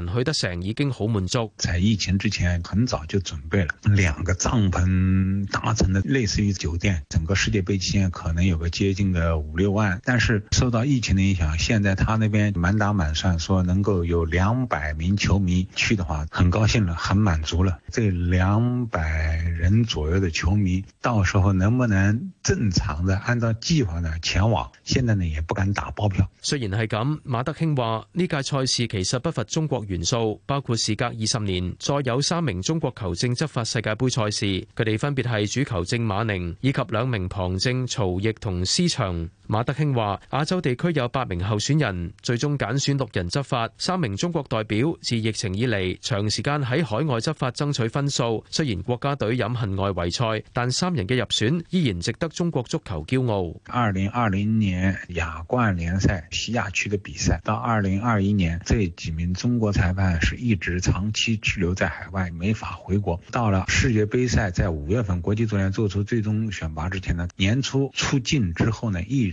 去得成已經好滿足。在疫情之前，很早就準備了兩個帳篷搭成的類似於酒店，整個世界杯期間可能有個接近的五六萬，但是受到疫情的影響，現在他那邊滿打滿算，說能夠有兩百名球迷去的話，很高興了，很滿足了。這兩百人左右的球迷，到時候能不能？正常的按照計劃呢，前往，現在呢也不敢打包票。雖然係咁，馬德興話呢屆賽事其實不乏中國元素，包括時隔二十年再有三名中國球證執法世界杯賽事，佢哋分別係主球證馬寧以及兩名旁證曹奕同施翔。馬德興話：亞洲地區有八名候選人，最終揀選六人執法，三名中國代表自疫情以嚟長時間喺海外執法爭取分數。雖然國家隊飲恨外圍賽，但三人嘅入選依然值得中國足球驕傲。二零二零年亞冠聯賽西亞區嘅比賽到二零二一年，這幾名中國裁判是一直長期滯留在海外，沒法回國。到了世界杯賽，在五月份國際足聯做出最終選拔之前呢，年初出境之後呢，一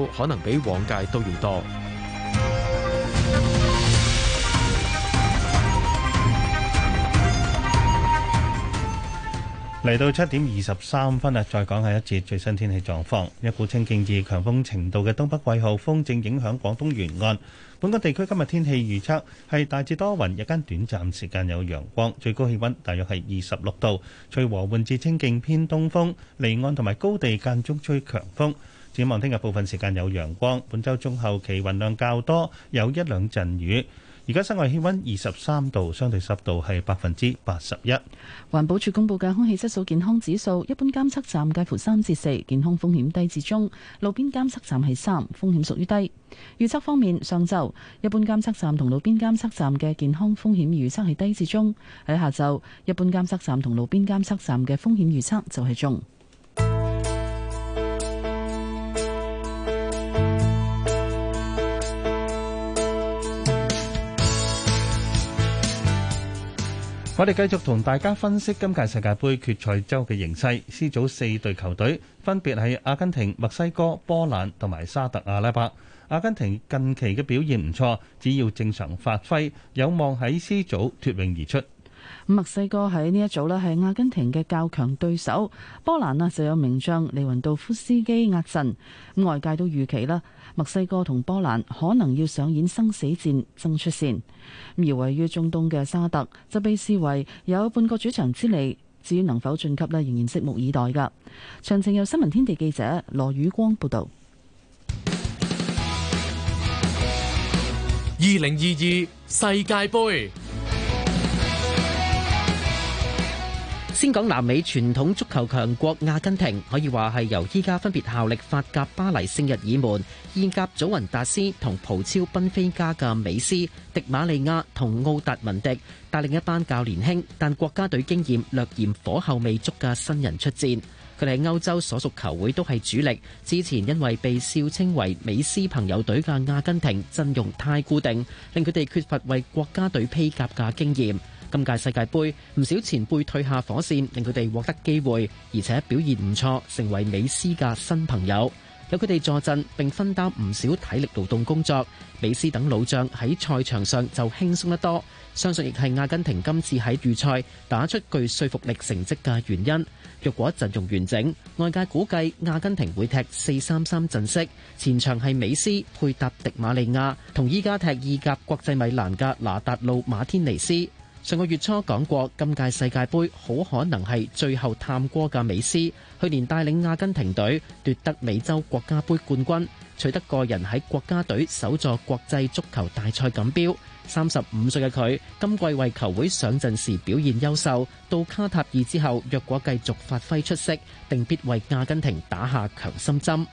可能比往屆都要多。嚟到七點二十三分啦，再講下一節最新天氣狀況。一股清勁至強風程度嘅東北季候風正影響廣東沿岸。本港地區今日天氣預測係大致多雲，日間短暫時間有陽光，最高氣溫大約係二十六度，吹和緩至清勁偏東風，離岸同埋高地間中吹強風。展望聽日部分時間有陽光，本週中後期雲量較多，有一兩陣雨。而家室外氣温二十三度，相對濕度係百分之八十一。環保署公布嘅空氣質素健康指數，一般監測站介乎三至四，健康風險低至中；路邊監測站係三，風險屬於低。預測方面，上晝一般監測站同路邊監測站嘅健康風險預測係低至中；喺下晝，一般監測站同路邊監測站嘅風險預測就係中。我哋繼續同大家分析今屆世界杯決賽周嘅形勢。C 組四隊球隊分別係阿根廷、墨西哥、波蘭同埋沙特阿拉伯。阿根廷近期嘅表現唔錯，只要正常發揮，有望喺 C 組脱穎而出。墨西哥喺呢一組咧，係阿根廷嘅較強對手。波蘭啊，就有名將利雲道夫斯基壓陣。外界都預期啦。墨西哥同波蘭可能要上演生死戰，爭出線，而位於中東嘅沙特就被視為有半個主場之利，至於能否晉級呢，仍然拭目以待噶。詳情由新聞天地記者羅宇光報道。二零二二世界杯。先講南美傳統足球強國阿根廷可以話係由依家分別效力法甲巴黎聖日耳門，意甲祖雲達斯同葡超賓菲加嘅美斯、迪馬利亞同奧達文迪，帶另一班較年輕，但國家隊經驗略嫌火候未足嘅新人出戰。佢哋喺歐洲所屬球會都係主力，之前因為被笑稱為美斯朋友隊嘅阿根廷陣容太固定，令佢哋缺乏為國家隊披甲嘅經驗。今屆世界盃唔少前輩退下火線，令佢哋獲得機會，而且表現唔錯，成為美斯嘅新朋友。有佢哋坐陣，並分擔唔少體力勞動工作，美斯等老將喺賽場上就輕鬆得多。相信亦係阿根廷今次喺預賽打出具說服力成績嘅原因。若果陣容完整，外界估計阿根廷會踢四三三陣式，前場係美斯配達迪馬利亞，同依家踢意甲國際米蘭嘅拿達路馬天尼斯。上個月初講過，今屆世界杯好可能係最後探戈嘅美斯。去年帶領阿根廷隊，奪得美洲國家盃冠軍，取得個人喺國家隊首座國際足球大賽錦標。三十五歲嘅佢，今季為球會上陣時表現優秀，到卡塔爾之後，若果繼續發揮出色，定必為阿根廷打下強心針。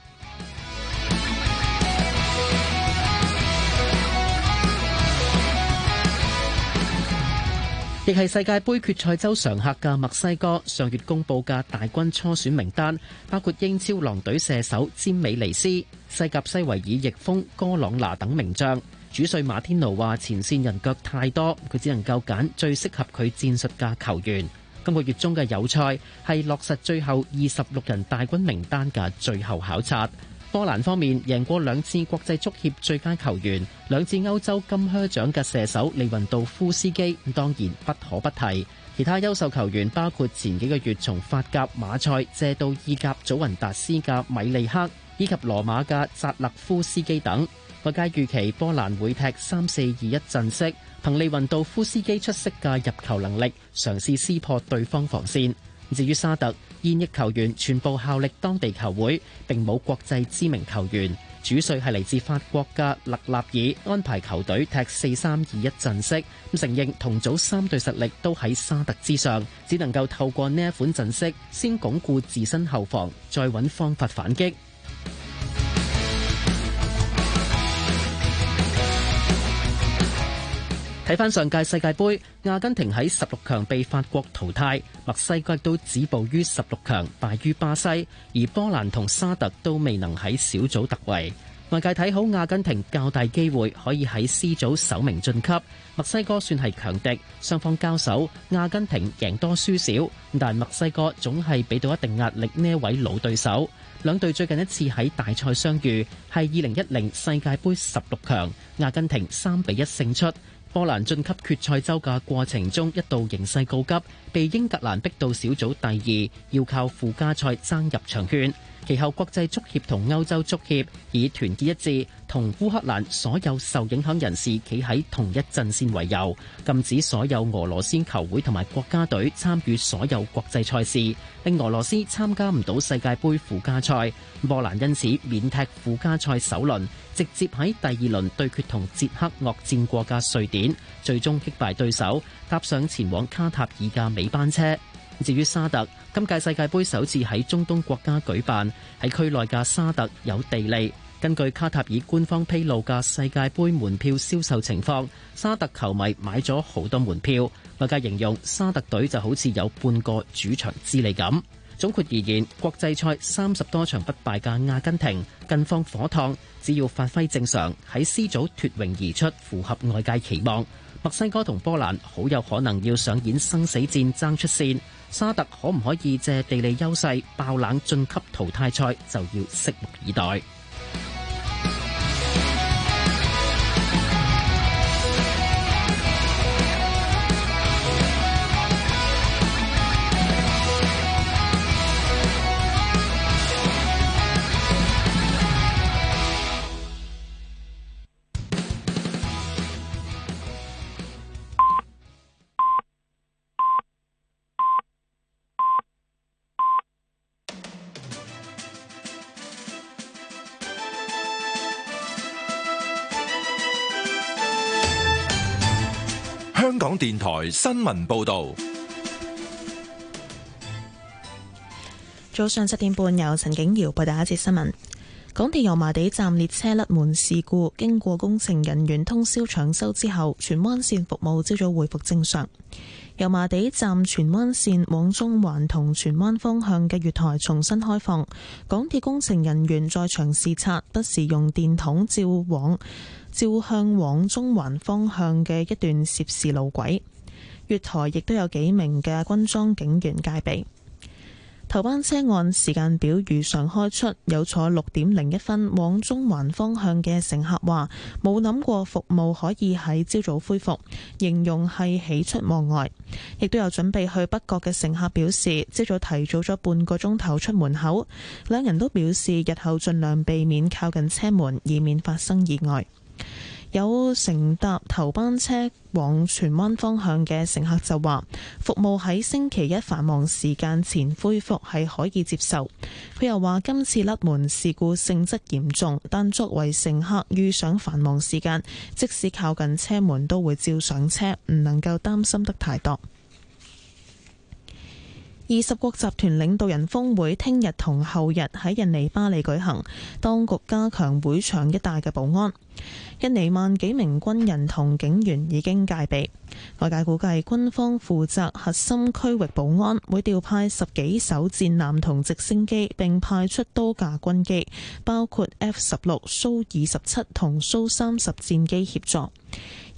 亦係世界盃決賽周常客嘅墨西哥上月公布嘅大軍初選名單，包括英超狼隊射手詹美尼斯、西甲西維爾、翼鋒哥朗拿等名將。主帥馬天奴話前線人腳太多，佢只能夠揀最適合佢戰術嘅球員。今個月中嘅友賽係落實最後二十六人大軍名單嘅最後考察。波蘭方面贏過兩次國際足協最佳球員、兩次歐洲金靴獎嘅射手利雲道夫斯基當然不可不提，其他優秀球員包括前幾個月從法甲馬賽借到意甲祖雲達斯嘅米利克，以及羅馬嘅扎勒夫斯基等。外界預期波蘭會踢三四二一陣式，憑利雲道夫斯基出色嘅入球能力，嘗試撕破對方防線。至於沙特，現役球員全部效力當地球會，並冇國際知名球員。主帥係嚟自法國嘅勒納爾，安排球隊踢四三二一陣式。咁承認同組三隊實力都喺沙特之上，只能夠透過呢一款陣式先鞏固自身後防，再揾方法反擊。睇翻上屆世界盃，阿根廷喺十六強被法國淘汰，墨西哥亦都止步於十六強，敗於巴西。而波蘭同沙特都未能喺小組突圍。外界睇好阿根廷較大機會可以喺 C 組首名晉級。墨西哥算係強敵，雙方交手，阿根廷贏多輸少，但墨西哥總係俾到一定壓力呢位老對手。兩隊最近一次喺大賽相遇係二零一零世界盃十六強，阿根廷三比一勝出。波蘭晉級決賽周嘅過程中一度形勢告急，被英格蘭逼到小組第二，要靠附加賽爭入場券。其後國際足協同歐洲足協以團結一致同烏克蘭所有受影響人士企喺同一陣線為由，禁止所有俄羅斯球會同埋國家隊參與所有國際賽事，令俄羅斯參加唔到世界盃附加賽。波蘭因此免踢附加賽首輪，直接喺第二輪對決同捷克惡戰過嘅瑞典，最終擊敗對手，搭上前往卡塔爾嘅尾班車。至於沙特，今屆世界盃首次喺中東國家舉辦，喺區內嘅沙特有地利。根據卡塔爾官方披露嘅世界盃門票銷售情況，沙特球迷買咗好多門票。外界形容沙特隊就好似有半個主場之利咁。總括而言，國際賽三十多場不敗嘅阿根廷近況火燙，只要發揮正常，喺 C 組脫穎而出，符合外界期望。墨西哥同波蘭好有可能要上演生死戰爭出線。沙特可唔可以借地利優勢爆冷晉級淘汰賽，就要拭目以待。新聞報道，早上七點半陳，由陳景瑤報道一節新聞。港鐵油麻地站列車甩門事故，經過工程人員通宵搶修之後，荃灣綫服務朝早回復正常。油麻地站荃灣綫往中環同荃灣方向嘅月台重新開放。港鐵工程人員在場視察，不時用電筒照往照向往中環方向嘅一段涉事路軌。月台亦都有幾名嘅軍裝警員戒備。頭班車按時間表如常開出，有坐六點零一分往中環方向嘅乘客話：冇諗過服務可以喺朝早恢復，形容係喜出望外。亦都有準備去北角嘅乘客表示，朝早提早咗半個鐘頭出門口，兩人都表示日後盡量避免靠近車門，以免發生意外。有乘搭頭班車往荃灣方向嘅乘客就話，服務喺星期一繁忙時間前恢復係可以接受。佢又話今次甩門事故性質嚴重，但作為乘客遇上繁忙時間，即使靠近車門都會照上車，唔能夠擔心得太多。二十國集團領導人峰會聽日同後日喺印尼巴利舉行，當局加強會場一帶嘅保安。印尼萬幾名軍人同警員已經戒備。外界估計軍方負責核心區域保安，會調派十幾艘戰艦同直升機，並派出多架軍機，包括 F 十六、蘇二十七同蘇三十戰機協助。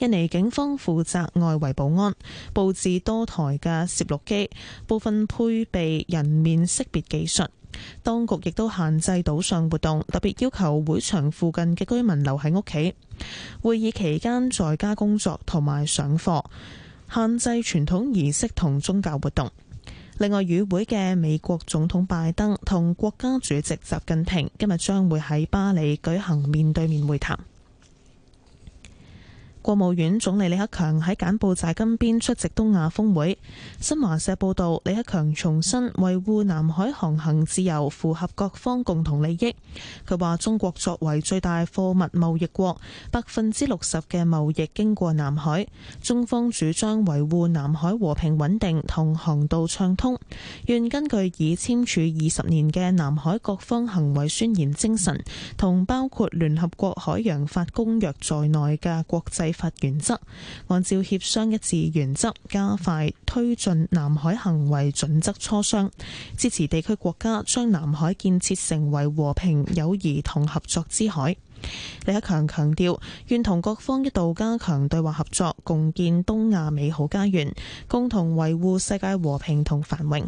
印尼警方負責外圍保安，佈置多台嘅攝錄機，部分配備人面識別技術。當局亦都限制島上活動，特別要求會場附近嘅居民留喺屋企，會議期間在家工作同埋上課，限制傳統儀式同宗教活動。另外，與會嘅美國總統拜登同國家主席習近平今日將會喺峇里舉行面對面會談。國務院總理李克強喺柬埔寨金邊出席東亞峰會。新華社報道，李克強重申維護南海航行自由符合各方共同利益。佢話中國作為最大貨物貿易國，百分之六十嘅貿易經過南海，中方主張維護南海和平穩定同航道暢通，願根據已簽署二十年嘅南海各方行為宣言精神，同包括聯合國海洋法公約在內嘅國際。法原則，按照協商一致原則，加快推進南海行為準則磋商，支持地區國家將南海建設成為和平、友誼同合作之海。李克強強調，願同各方一道加強對話合作，共建東亞美好家園，共同維護世界和平同繁榮。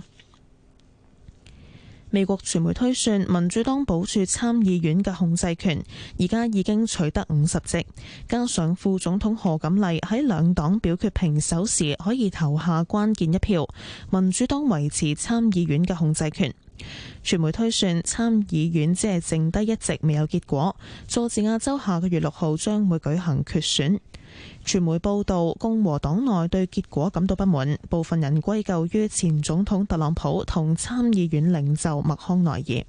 美國傳媒推算民主黨保住參議院嘅控制權，而家已經取得五十席，加上副總統賀錦麗喺兩黨表決平手時可以投下關鍵一票，民主黨維持參議院嘅控制權。傳媒推算參議院只係剩低一席未有結果，佐治亞州下個月六號將會舉行決選。傳媒報道，共和黨內對結果感到不滿，部分人歸咎於前總統特朗普同參議院領袖麥康奈爾。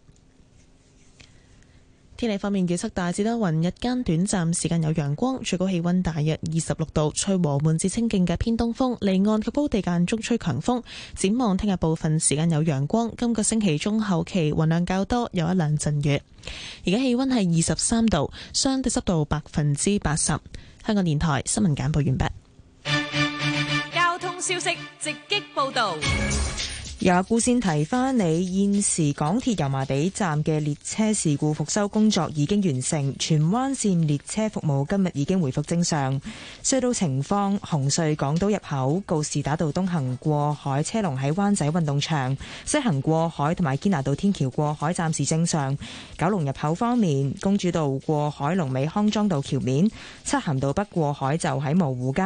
天氣方面，預測大致多雲，日間短暫時間有陽光，最高氣溫大約二十六度，吹和緩至清勁嘅偏東風。離岸嘅高地間中吹強風。展望聽日部分時間有陽光。今個星期中後期雲量較多，有一兩陣雨。而家氣溫係二十三度，相對濕度百分之八十。香港電台新聞簡報完畢。交通消息直擊報道。有故先提翻你，現時港鐵油麻地站嘅列車事故復修工作已經完成，荃灣線列車服務今日已經回復正常。隧道情況：紅隧港島入口告士打道東行過海車龍喺灣仔運動場，西行過海同埋堅拿道天橋過海暫時正常。九龍入口方面，公主道過海龍尾康莊道橋面，漆咸道北過海就喺蕪湖街。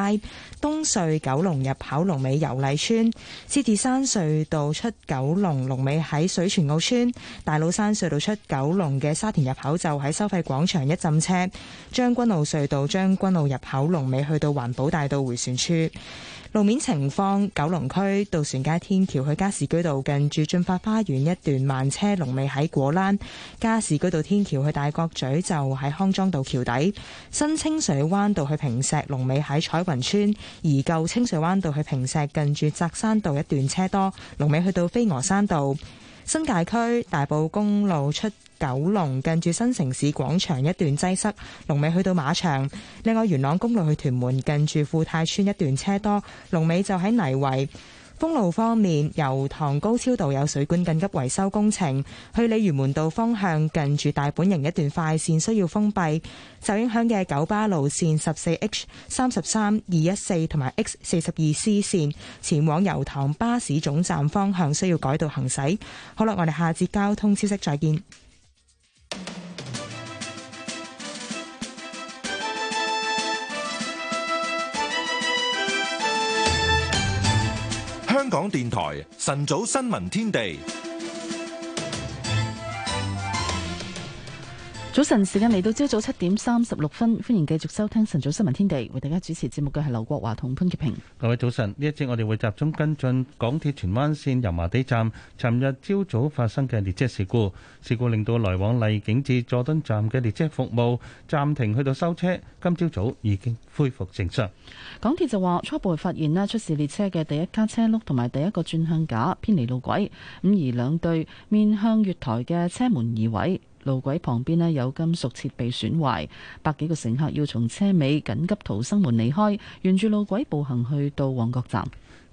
東隧九龍入口龍尾油麗村，獅子山隧道。出九龍龍尾喺水泉澳村，大老山隧道出九龍嘅沙田入口就喺收費廣場一浸車。將軍澳隧道將軍澳入口龍尾去到環保大道回旋處。路面情況：九龍區渡船街天橋去加士居道近住駿發花園一段慢車，龍尾喺果欄；加士居道天橋去大角咀就喺康莊道橋底；新清水灣道去坪石龍尾喺彩雲村；而舊清水灣道去坪石近住澤山道一段車多，龍尾去到飛鵝山道。新界區大埔公路出九龍，近住新城市廣場一段擠塞，龍尾去到馬場。另外元朗公路去屯門，近住富泰村一段車多，龍尾就喺泥圍。封路方面，油塘高超道有水管緊急維修工程，去鯉魚門道方向近住大本營一段快線需要封閉，受影響嘅九巴路線十四 H、三十三、二一四同埋 X 四十二 C 線前往油塘巴士總站方向需要改道行駛。好啦，我哋下節交通消息再見。香港電台晨早新聞天地。早晨，時間嚟到朝早七點三十六分，歡迎繼續收聽晨早新聞天地，為大家主持節目嘅係劉國華同潘潔平。各位早晨，呢一節我哋會集中跟進港鐵荃灣線油麻地站尋日朝早發生嘅列車事故，事故令到來往荔景至佐敦站嘅列車服務暫停去到收車，今朝早，早已經恢復正常。港鐵就話初步發現咧，出事列車嘅第一架車轆同埋第一個轉向架偏離路軌，咁而兩對面向月台嘅車門移位。路軌旁邊咧有金屬設備損壞，百幾個乘客要從車尾緊急逃生門離開，沿住路軌步行去到旺角站。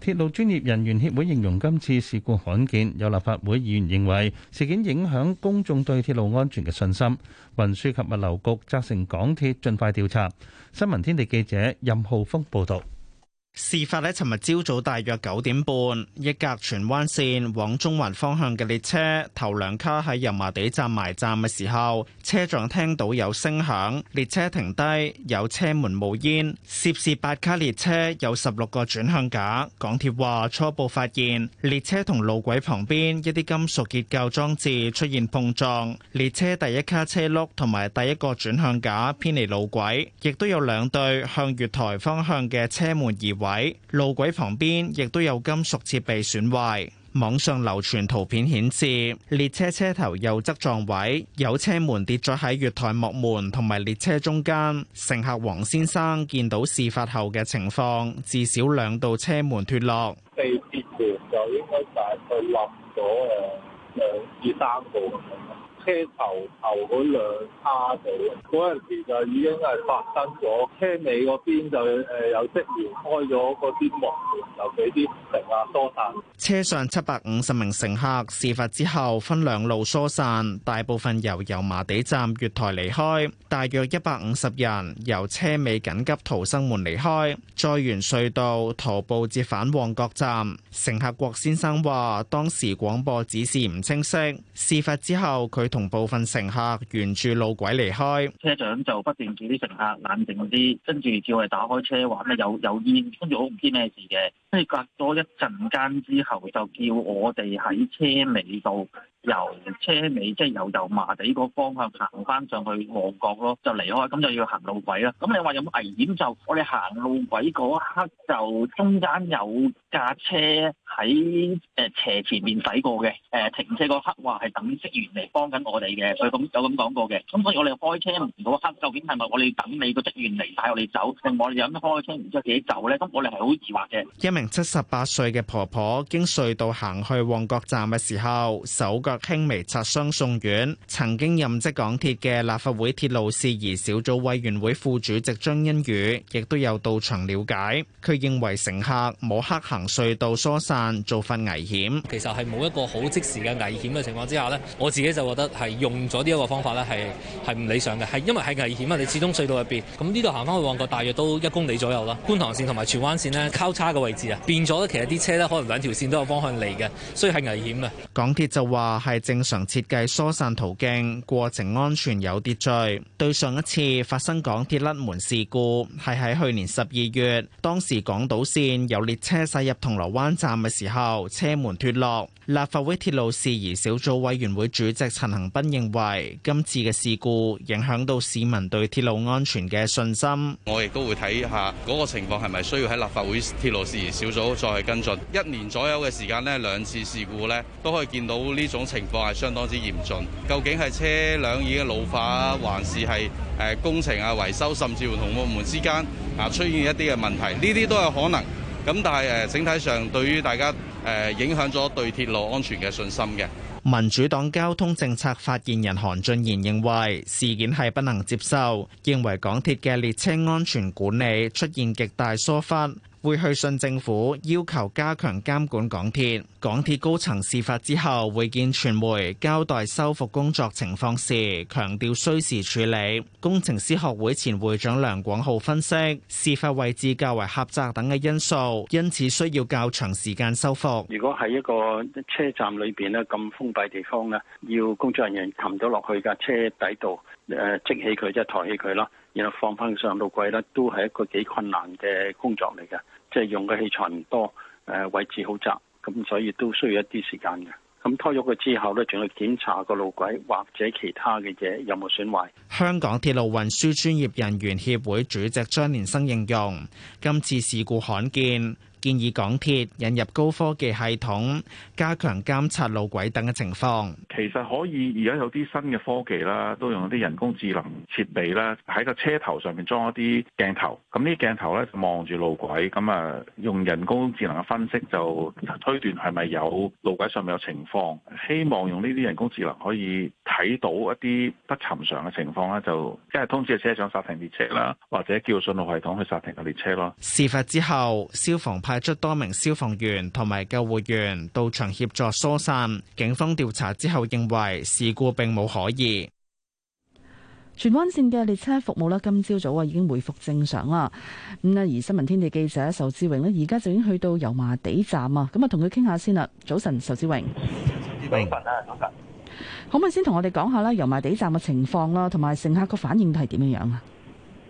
鐵路專業人員協會形容今次事故罕見，有立法會議員認為事件影響公眾對鐵路安全嘅信心。運輸及物流局責成港鐵盡快調查。新聞天地記者任浩峰報道。事發喺尋日朝早大約九點半，一架荃灣線往中環方向嘅列車頭兩卡喺油麻地站埋站嘅時候，車長聽到有聲響，列車停低，有車門冒煙。涉事八卡列車有十六個轉向架，港鐵話初步發現列車同路軌旁邊一啲金屬結構裝置出現碰撞，列車第一卡車轆同埋第一個轉向架偏離路軌，亦都有兩對向月台方向嘅車門移位。軌路軌旁邊亦都有金屬設備損壞。網上流傳圖片顯示，列車車頭右側撞位，有車門跌咗喺月台幕門同埋列車中間。乘客黃先生見到事發後嘅情況，至少兩道車門脫落被。四、三、就是、二、就是、就是車頭頭嗰兩叉度，嗰陣時就已經係發生咗。車尾嗰邊就誒有職員開咗個啲幕門，有俾啲乘啊疏散。車上七百五十名乘客，事發之後分兩路疏散，大部分由油麻地站月台離開，大約一百五十人由車尾緊急逃生門離開，再沿隧道徒步折返旺角站。乘客郭先生話：當時廣播指示唔清晰，事發之後佢。同部分乘客沿住路軌離開，車長就不斷叫啲乘客冷靜啲，跟住叫我哋打開車窗咧，有有煙，跟住我唔知咩事嘅。即隔咗一陣間之後，就叫我哋喺車尾度由車尾，即係由油麻地個方向行翻上去旺角咯，就離開。咁就要行路軌啦。咁你話有冇危險？就我哋行路軌嗰刻就中間有架車喺誒斜前面駛過嘅。誒、呃、停車嗰刻話係等職員嚟幫緊我哋嘅，佢咁有咁講過嘅。咁所以我哋開車門嗰刻，究竟係咪我哋等你個職員嚟帶我哋走，定我哋有咩開車門之後自己走咧？咁我哋係好疑惑嘅。一明。七十八歲嘅婆婆經隧道行去旺角站嘅時候，手腳輕微擦傷送院。曾經任職港鐵嘅立法會鐵路事宜小組委員會副主席張欣宇亦都有到場了解。佢認為乘客摸黑行隧道疏散，做法危險。其實係冇一個好即時嘅危險嘅情況之下咧，我自己就覺得係用咗呢一個方法咧，係係唔理想嘅，係因為係危險啊！你始終隧道入邊，咁呢度行翻去旺角大約都一公里左右啦。觀塘綫同埋荃灣綫呢交叉嘅位置變咗，其實啲車咧可能兩條線都有方向嚟嘅，所以係危險嘅。港鐵就話係正常設計疏散途徑，過程安全有秩序。對上一次發生港鐵甩門事故，係喺去年十二月，當時港島線有列車駛入銅鑼灣站嘅時候，車門脫落。立法會鐵路事宜小組委員會主席陳恒鑌認為，今次嘅事故影響到市民對鐵路安全嘅信心。我亦都會睇下嗰、那個情況係咪需要喺立法會鐵路事宜小組再去跟進。一年左右嘅時間呢，兩次事故呢，都可以見到呢種情況係相當之嚴峻。究竟係車輛已經老化，還是係誒工程啊維修，甚至乎同部門之間啊出現一啲嘅問題，呢啲都有可能。咁但係誒整體上對於大家誒影響咗對鐵路安全嘅信心嘅。民主黨交通政策發言人韓俊賢認為事件係不能接受，認為港鐵嘅列車安全管理出現極大疏忽。會去信政府，要求加強監管港鐵。港鐵高層事發之後會見傳媒，交代修復工作情況時，強調需時處理。工程師學會前會長梁廣浩分析，事發位置較為狹窄等嘅因素，因此需要較長時間修復。如果喺一個車站裏邊呢，咁封閉地方呢，要工作人員擒咗落去架車底度，誒、呃，積起佢即係抬起佢咯。然後放翻上路軌咧，都係一個幾困難嘅工作嚟嘅，即係用嘅器材唔多，誒，位置好窄，咁所以都需要一啲時間嘅。咁拖咗佢之後咧，仲要檢查個路軌或者其他嘅嘢有冇損壞。香港鐵路運輸專業人員協會主席張連生形容：「今次事故罕見。建議港鐵引入高科技系統，加強監察路軌等嘅情況。其實可以而家有啲新嘅科技啦，都用啲人工智能設備啦，喺個車頭上面裝一啲鏡頭。咁呢鏡頭咧望住路軌，咁啊用人工智能嘅分析就推斷係咪有路軌上面有情況。希望用呢啲人工智能可以睇到一啲不尋常嘅情況啦。就即係通知個車長剎停列車啦，或者叫信號系統去剎停個列車咯。事發之後，消防派。派出多名消防員同埋救護員到場協助疏散。警方調查之後認為事故並冇可疑。荃灣綫嘅列車服務呢，今朝早啊已經回復正常啦。咁啊，而新聞天地記者仇志榮呢，而家就已經去到油麻地站啊，咁啊，同佢傾下先啦。早晨，仇志榮。榮、嗯。早晨啊，嗯嗯嗯、可唔可以先同我哋講下咧油麻地站嘅情況啦，同埋乘客個反應係點樣樣啊？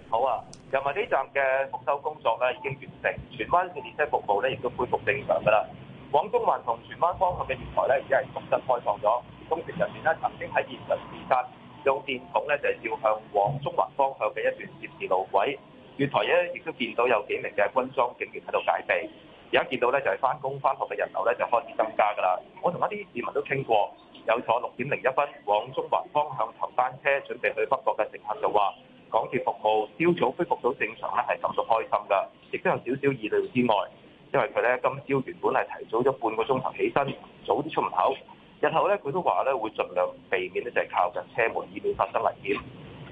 好啊。又咪呢站嘅復修工作咧已經完成，荃灣嘅列車服務咧亦都恢復正常噶啦。往中環同荃灣方向嘅月台咧，已經係重新開放咗。工程人員咧曾經喺現場視察，用電筒咧就係照向往中環方向嘅一段涉事路軌。月台咧亦都見到有幾名嘅軍裝警員喺度戒備。而家見到咧就係翻工翻學嘅人流呢，就開始增加噶啦。我同一啲市民都傾過，有坐六點零一分往中環方向頭班車準備去北角嘅乘客就話。港鐵服務朝早恢復到正常呢，係感到開心噶，亦都有少少意料之外，因為佢呢今朝原本係提早咗半個鐘頭起身，早啲出門口。日後呢，佢都話呢會盡量避免呢就係靠近車門，以免發生危險。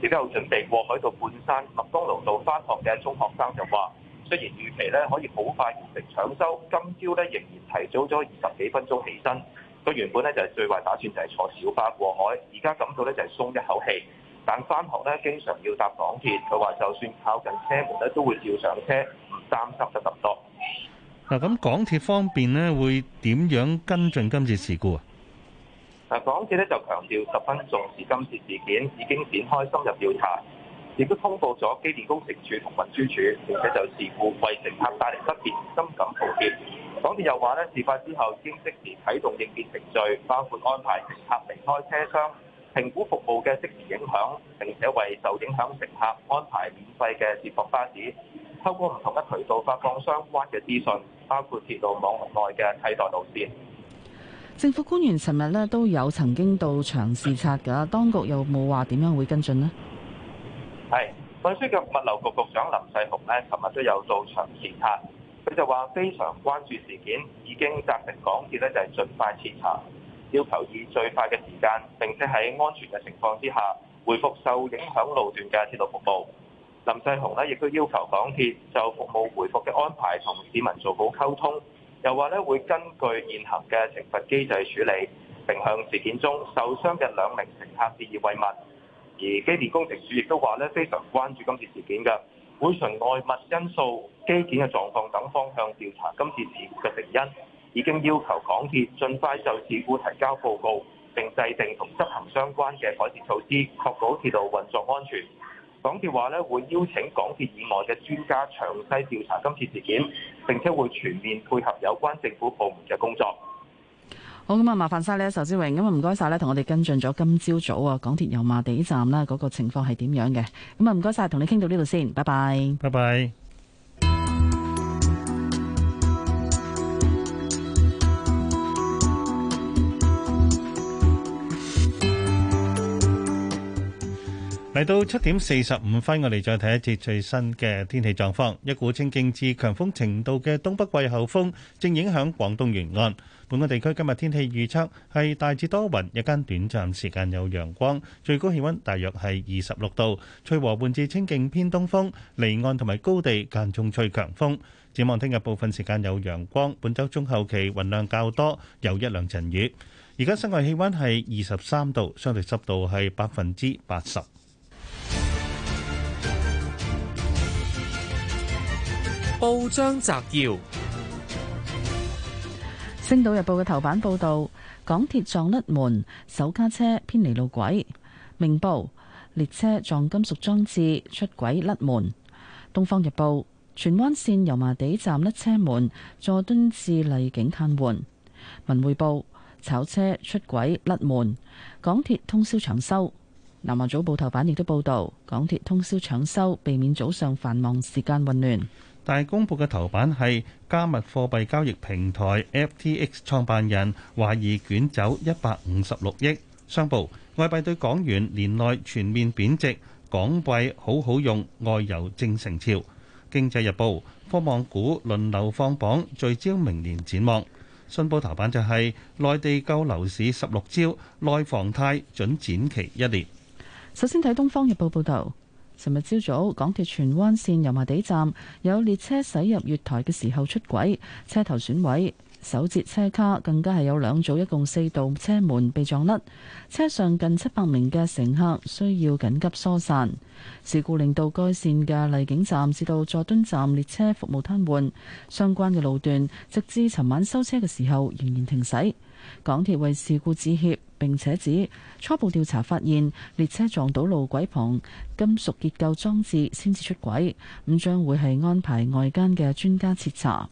亦都有準備過海到半山麥當勞道翻學嘅中學生就話，雖然預期呢可以好快完成搶修，今朝呢仍然提早咗二十幾分鐘起身，佢原本呢就係、是、最壞打算就係坐小巴過海，而家感到呢就係、是、鬆一口氣。但返學咧，經常要搭港鐵，佢話就算靠近車門咧，都會照上車，唔擔心得咁多。嗱，咁港鐵方面咧，會點樣跟進今次事故啊？嗱，港鐵咧就強調十分重視今次事件，已經展開深入調查，亦都通報咗機電工程處同運輸處，並且就事故為乘客帶嚟不便深感抱歉。港鐵又話咧，事發之後已經即時啟動應變程序，包括安排乘客離開車廂。評估服務嘅即時影響，並且為受影響乘客安排免費嘅接駁巴士，透過唔同嘅渠道發放相關嘅資訊，包括鐵路網絡內嘅替代路線。政府官員尋日咧都有曾經到場視察㗎，當局有冇話點樣會跟進呢？係運輸及物流局局長林世雄咧尋日都有到場視察，佢就話非常關注事件，已經責成港鐵咧就係盡快徹查。要求以最快嘅時間並且喺安全嘅情況之下，回復受影響路段嘅鐵路服務。林世雄咧亦都要求港鐵就服務回復嘅安排同市民做好溝通，又話咧會根據現行嘅懲罰機制處理，並向事件中受傷嘅兩名乘客致以慰問。而機電工程署亦都話咧非常關注今次事件嘅，會循外物因素、機件嘅狀況等方向調查今次事故嘅成因。已經要求港鐵盡快就事故提交報告，並制定同執行相關嘅改善措施，確保鐵路運作安全。港鐵話咧會邀請港鐵以外嘅專家詳細調查今次事件，並且會全面配合有關政府部門嘅工作。好咁啊，麻煩晒你，啊仇志榮，咁啊唔該晒，咧，同我哋跟進咗今朝早啊港鐵油麻地站咧嗰個情況係點樣嘅？咁啊唔該晒，同你傾到呢度先，拜拜。拜拜。嚟到七點四十五分，我哋再睇一次最新嘅天氣狀況。一股清勁至強風程度嘅東北季候風正影響廣東沿岸。本港地區今日天氣預測係大致多雲，日間短暫時間有陽光，最高氣温大約係二十六度，吹和緩至清勁偏東風，離岸同埋高地間中吹強風。展望聽日部分時間有陽光，本週中後期雲量較多，有一兩陣雨。而家室外氣温係二十三度，相對濕度係百分之八十。報章摘要：《星島日報》嘅頭版報道港鐵撞甩門，首卡車偏離路軌；《明報》列車撞金屬裝置出軌甩門，《東方日報》荃灣綫油麻地站甩車門，佐敦至麗景癱瘓，《文匯報》炒車出軌甩門，港鐵通宵搶修。南華早報頭版亦都報道港鐵通宵搶修，避免早上繁忙時間混亂。大公報嘅頭版係加密貨幣交易平台 FTX 創辦人懷疑捲走一百五十六億。商報外幣對港元年內全面貶值，港幣好好用，外遊正成潮。經濟日報科網股輪流放榜，聚焦明年展望。信報頭版就係內地救樓市十六招，內房貸準展期一年。首先睇《東方日報》報導。尋日朝早，港鐵荃灣線油麻地站有列車駛入月台嘅時候出軌，車頭損毀，首節車卡更加係有兩組一共四道車門被撞甩，車上近七百名嘅乘客需要緊急疏散。事故令到該線嘅荔景站至到佐敦站列車服務癱瘓，相關嘅路段直至尋晚收車嘅時候仍然停駛。港鐵為事故致歉。並且指初步調查發現，列車撞到路軌旁金屬結構裝置，先至出軌。咁將會係安排外間嘅專家徹查。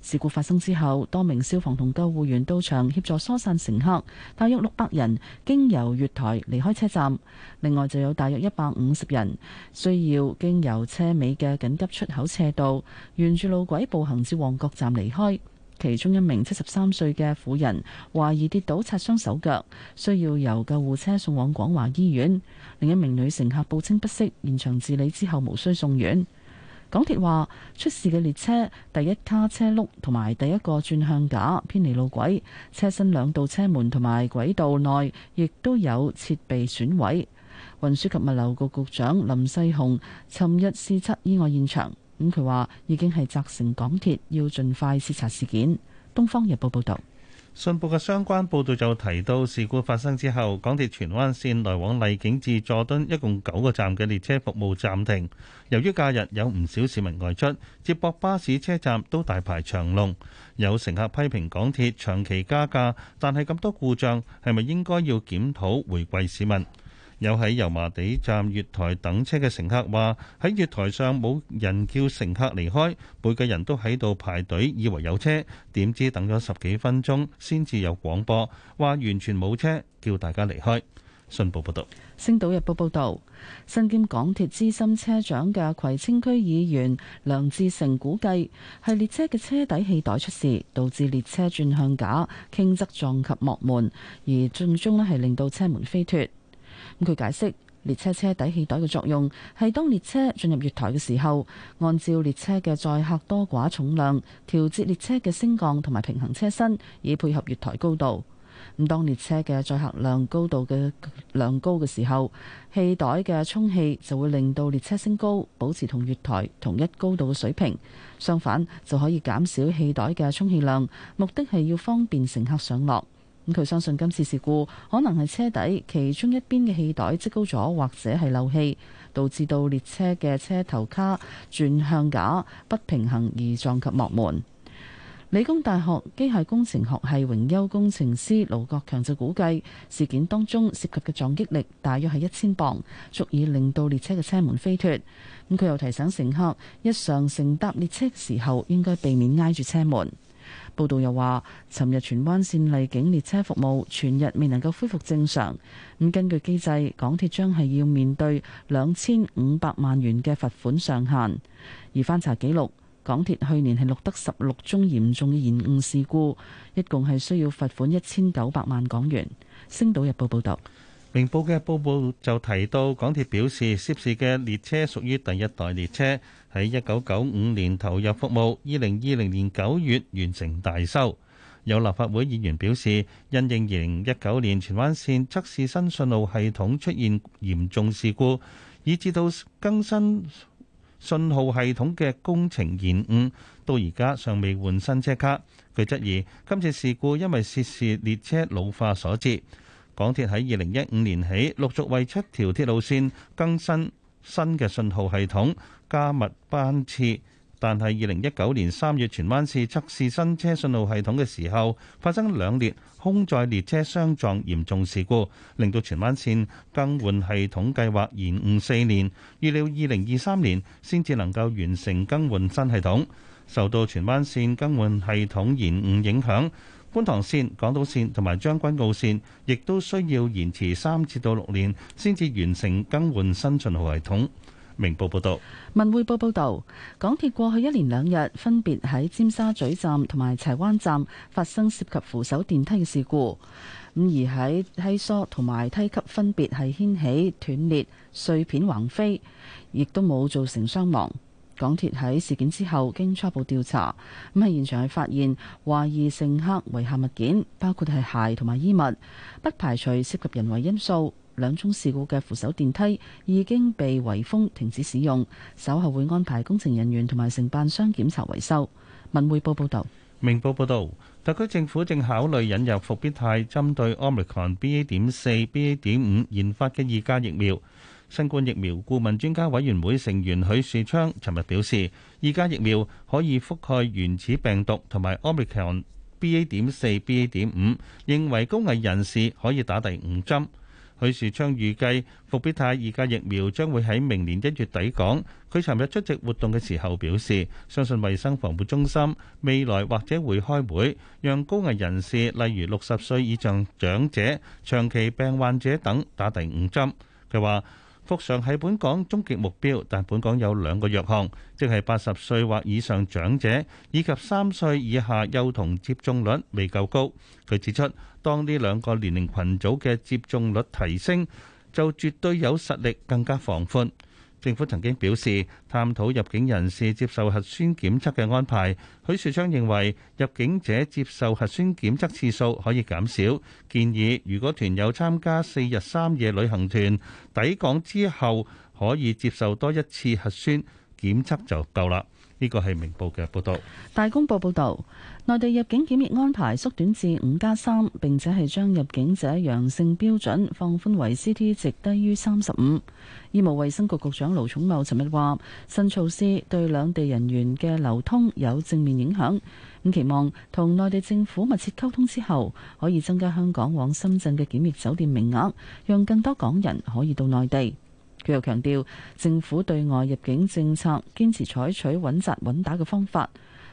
事故發生之後，多名消防同救護員到場協助疏散乘客，大約六百人經由月台離開車站。另外就有大約一百五十人需要經由車尾嘅緊急出口斜道，沿住路軌步行至旺角站離開。其中一名七十三歲嘅婦人懷疑跌倒擦傷手腳，需要由救護車送往廣華醫院。另一名女乘客報稱不適，現場治理之後無需送院。港鐵話出事嘅列車第一卡車轆同埋第一個轉向架偏離路軌，車身兩道車門同埋軌道內亦都有設備損毀。運輸及物流局局長林世雄尋日視察意外現場。咁佢話已經係責成港鐵要盡快視察事件。《東方日報》報導，信報嘅相關報導就提到，事故發生之後，港鐵荃灣線來往荔景至佐敦一共九個站嘅列車服務暫停。由於假日有唔少市民外出，接駁巴士車站都大排長龍。有乘客批評港鐵長期加價，但係咁多故障，係咪應該要檢討回饋市民？有喺油麻地站月台等車嘅乘客話，喺月台上冇人叫乘客離開，每個人都喺度排隊以為有車，點知等咗十幾分鐘先至有廣播話完全冇車，叫大家離開。信報報道，星島日報報道，身兼港鐵資深車長嘅葵青區議員梁志成估計係列車嘅車底氣袋出事，導致列車轉向架傾側撞及幕門，而最終咧，係令到車門飛脫。據解釋，列車車底氣袋嘅作用係當列車進入月台嘅時候，按照列車嘅載客多寡重量，調節列車嘅升降同埋平衡車身，以配合月台高度。咁當列車嘅載客量高度嘅量高嘅時候，氣袋嘅充氣就會令到列車升高，保持同月台同一高度嘅水平。相反，就可以減少氣袋嘅充氣量，目的係要方便乘客上落。佢相信今次事故可能係車底其中一邊嘅氣袋積高咗，或者係漏氣，導致到列車嘅車頭卡轉向架不平衡而撞及幕門。理工大學機械工程學系榮休工程師盧國強就估計，事件當中涉及嘅撞擊力大約係一千磅，足以令到列車嘅車門飛脫。咁佢又提醒乘客，一上乘搭列車嘅時候應該避免挨住車門。報道又話，尋日荃灣線荔景列車服務全日未能夠恢復正常。咁根據機制，港鐵將係要面對兩千五百萬元嘅罰款上限。而翻查記錄，港鐵去年係錄得十六宗嚴重嘅延誤事故，一共係需要罰款一千九百萬港元。星島日報報導，明報嘅報道就提到，港鐵表示涉事嘅列車屬於第一代列車。喺一九九五年投入服務，二零二零年九月完成大修。有立法會議員表示，因應二零一九年荃灣線測試新信號系統出現嚴重事故，以致到更新信號系統嘅工程延誤，到而家尚未換新車卡。佢質疑今次事故因為涉事列車老化所致。港鐵喺二零一五年起陸續為七條鐵路線更新新嘅信號系統加密班次，但係二零一九年三月荃灣市測試新車信號系統嘅時候，發生兩列空載列車相撞嚴重事故，令到荃灣線更換系統計劃延誤四年，預料二零二三年先至能夠完成更換新系統。受到荃灣線更換系統延誤影響。觀塘線、港島線同埋將軍澳線，亦都需要延遲三至到六年先至完成更換新信號系統。明報報道：文匯報報道，港鐵過去一連兩日分別喺尖沙咀站同埋柴灣站發生涉及扶手電梯嘅事故，咁而喺梯梳同埋梯級分別係掀起、斷裂、碎片橫飛，亦都冇造成傷亡。港鐵喺事件之後，經初步調查，咁喺現場係發現懷疑乘客遺下物件，包括係鞋同埋衣物，不排除涉及人為因素。兩宗事故嘅扶手電梯已經被圍封，停止使用，稍後會安排工程人員同埋承辦商檢查維修。文匯報報道：「明報報道，特區政府正考慮引入伏必泰，針對奧密克戎 BA. 點四、BA. 點五研發嘅二價疫苗。新冠疫苗顧問專家委員會成員許樹昌尋日表示，二價疫苗可以覆蓋原始病毒同埋 OmicronBA 點四、BA 點五，認為高危人士可以打第五針。許樹昌預計復必泰二價疫苗將會喺明年一月底港。佢尋日出席活動嘅時候表示，相信衞生防護中心未來或者會開會，讓高危人士，例如六十歲以上長者、長期病患者等打第五針。佢話。復常係本港終極目標，但本港有兩個弱項，即係八十歲或以上長者以及三歲以下幼童接種率未夠高。佢指出，當呢兩個年齡群組嘅接種率提升，就絕對有實力更加放寬。政府曾經表示探討入境人士接受核酸檢測嘅安排。許樹昌認為入境者接受核酸檢測次數可以減少，建議如果團友參加四日三夜旅行團，抵港之後可以接受多一次核酸檢測就夠啦。呢個係明報嘅報導。大公報報導，內地入境檢疫安排縮短至五加三，3，並且係將入境者陽性標準放寬為 CT 值低於三十五。醫務衛生局局長盧寵茂尋日話：新措施對兩地人員嘅流通有正面影響。咁期望同內地政府密切溝通之後，可以增加香港往深圳嘅檢疫酒店名額，讓更多港人可以到內地。佢又強調，政府對外入境政策堅持採取穩扎穩打嘅方法，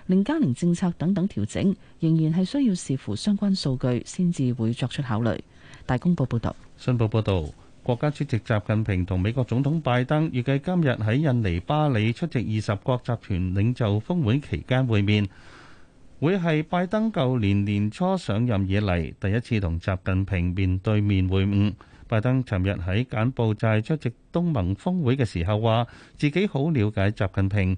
零加零政策等等調整，仍然係需要視乎相關數據先至會作出考慮。大公報報道，信報報導，國家主席習近平同美國總統拜登預計今日喺印尼巴里出席二十國集團領袖峰會期間會面，會係拜登舊年年初上任以嚟第一次同習近平面對面會晤。拜登尋日喺柬埔寨出席東盟峰會嘅時候，話自己好了解習近平，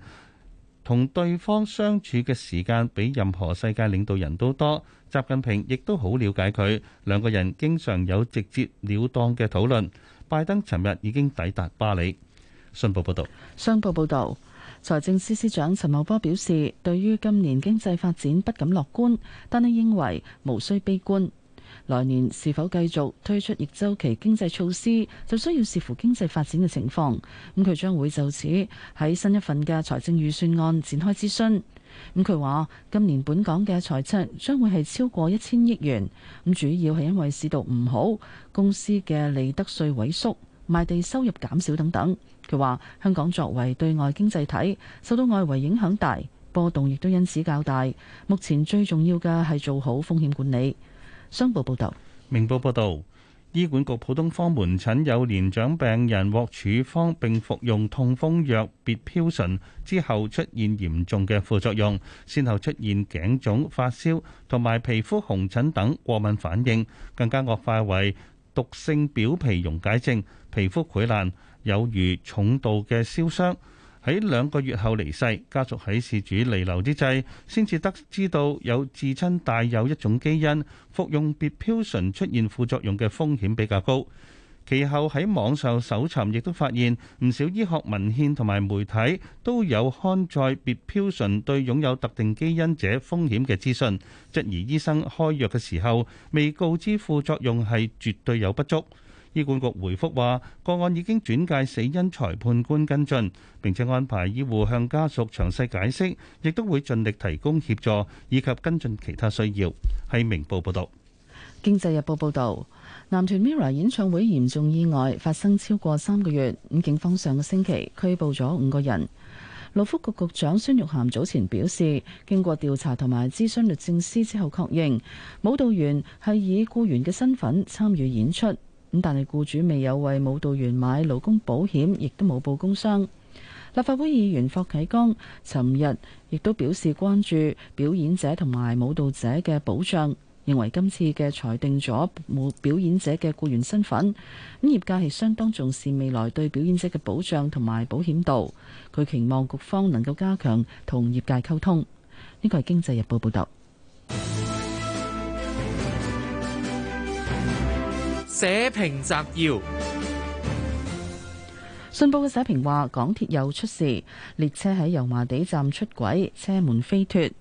同對方相處嘅時間比任何世界領導人都多。習近平亦都好了解佢，兩個人經常有直接了當嘅討論。拜登尋日已經抵達巴黎。信報報導，商報報道：「財政司司長陳茂波表示，對於今年經濟發展不敢樂觀，但係認為無需悲觀。來年是否繼續推出逆週期經濟措施，就需要視乎經濟發展嘅情況。咁佢將會就此喺新一份嘅財政預算案展開諮詢。咁佢話：今年本港嘅財赤將會係超過一千億元。咁主要係因為市道唔好，公司嘅利得稅萎縮、賣地收入減少等等。佢話香港作為對外經濟體，受到外圍影響大，波動亦都因此較大。目前最重要嘅係做好風險管理。商報報道，明報報道，醫管局普通科門診有年長病人獲處方並服用痛風藥別嘌醇之後，出現嚴重嘅副作用，先後出現頸腫、發燒同埋皮膚紅疹等過敏反應，更加惡化為毒性表皮溶解症、皮膚潰爛，有如重度嘅燒傷。喺兩個月後離世，家族喺事主彌留之際，先至得知到有至親帶有一種基因，服用別嘌醇出現副作用嘅風險比較高。其後喺網上搜尋，亦都發現唔少醫學文獻同埋媒體都有刊載別嘌醇對擁有特定基因者風險嘅資訊。質疑醫生開藥嘅時候未告知副作用係絕對有不足。醫管局回覆話，個案已經轉介死因裁判官跟進，并且安排醫護向家屬詳細解釋，亦都會盡力提供協助以及跟進其他需要。係明報報道，《經濟日報》報道，男團 MIRROR 演唱會嚴重意外發生超過三個月，咁警方上個星期拘捕咗五個人。勞福局局長孫玉菡早前表示，經過調查同埋諮詢律政司之後確認，確認舞蹈員係以雇員嘅身份參與演出。咁但係僱主未有為舞蹈員買勞工保險，亦都冇報工傷。立法會議員霍啟剛尋日亦都表示關注表演者同埋舞蹈者嘅保障，認為今次嘅裁定咗舞表演者嘅僱員身份，咁業界係相當重視未來對表演者嘅保障同埋保險度。佢期望局方能夠加強同業界溝通。呢個係《經濟日報》報道。社評摘要。信報嘅社評話，港鐵又出事，列車喺油麻地站出軌，車門飛脫。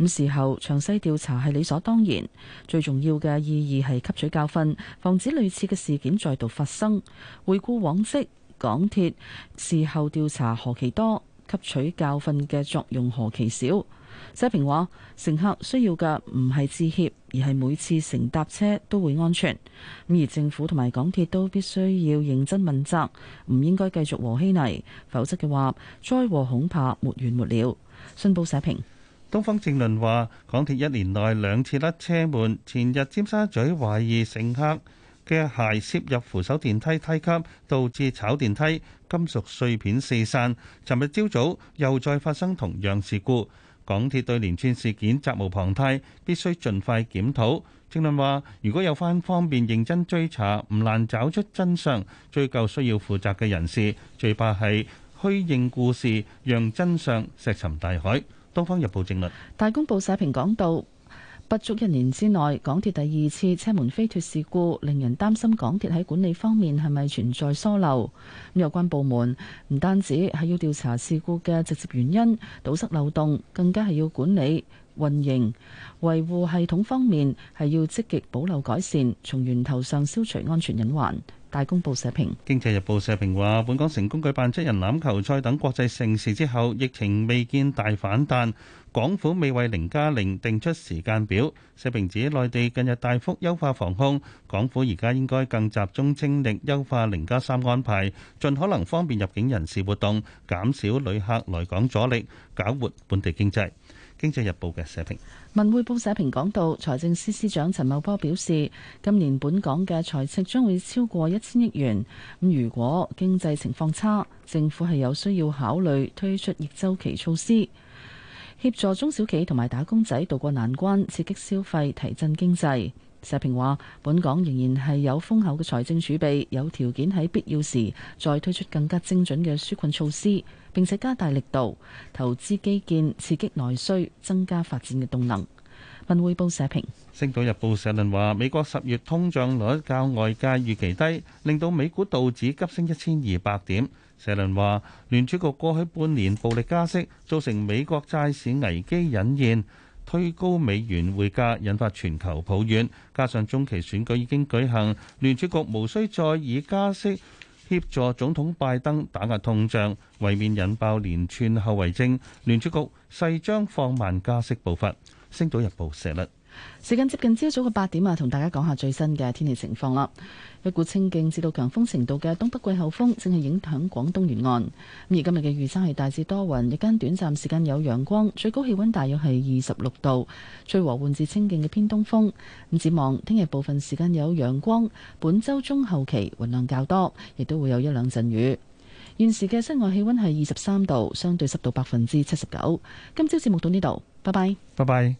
咁事後詳細調查係理所當然，最重要嘅意義係吸取教訓，防止類似嘅事件再度發生。回顧往昔，港鐵事後調查何其多，吸取教訓嘅作用何其少。社評話：乘客需要嘅唔係致歉，而係每次乘搭車都會安全。咁而政府同埋港鐵都必須要認真問責，唔應該繼續和稀泥，否則嘅話災禍恐怕沒完沒了。《信報》社評，東方正論話：港鐵一年內兩次甩車門，前日尖沙咀懷疑乘客嘅鞋攝入扶手電梯梯梯級，導致炒電梯金屬碎片四散。尋日朝早又再發生同樣事故。港鐵對連串事件責無旁貸，必須盡快檢討。政論話：如果有翻方便，認真追查，唔難找出真相，追究需要負責嘅人士。最怕係虛應故事，讓真相石沉大海。《東方日報》政論大公報社評講道。不足一年之內，港鐵第二次車門飛脫事故，令人擔心港鐵喺管理方面係咪存在疏漏？咁有關部門唔單止係要調查事故嘅直接原因，堵塞漏洞，更加係要管理、運營維護系統方面係要積極保留改善，從源頭上消除安全隱患。大公報社評，《經濟日報》社評話：本港成功舉辦七人欖球賽等國際盛事之後，疫情未見大反彈，港府未為零加零定出時間表。社評指，內地近日大幅優化防控，港府而家應該更集中精力優化零加三安排，盡可能方便入境人士活動，減少旅客來港阻力，搞活本地經濟。《經濟日報》嘅社評，文匯報社評講到，財政司司長陳茂波表示，今年本港嘅財赤將會超過一千億元。咁如果經濟情況差，政府係有需要考慮推出逆周期措施，協助中小企同埋打工仔渡過難關，刺激消費，提振經濟。社評話，本港仍然係有豐厚嘅財政儲備，有條件喺必要時再推出更加精準嘅紓困措施。並且加大力度投資基建，刺激內需，增加發展嘅動能。文匯報社評。《星島日報》社論話：美國十月通脹率較外界預期低，令到美股道指急升一千二百點。社論話聯儲局過去半年暴力加息，造成美國債市危機隱現，推高美元匯價，引發全球抱怨。加上中期選舉已經舉行，聯儲局無需再以加息。協助總統拜登打壓通脹，為免引爆連串後遺症。聯儲局勢將放慢加息步伐，星島日報社論。時間接近朝早嘅八點啊，同大家講下最新嘅天氣情況啦。一股清勁至到強風程度嘅東北季候風正係影響廣東沿岸。咁而今日嘅預測係大致多雲，日間短暫時間有陽光，最高氣溫大約係二十六度，吹和緩至清勁嘅偏東風。咁展望聽日部分時間有陽光，本周中後期雲量較多，亦都會有一兩陣雨。現時嘅室外氣溫係二十三度，相對濕度百分之七十九。今朝節目到呢度，拜拜，拜拜。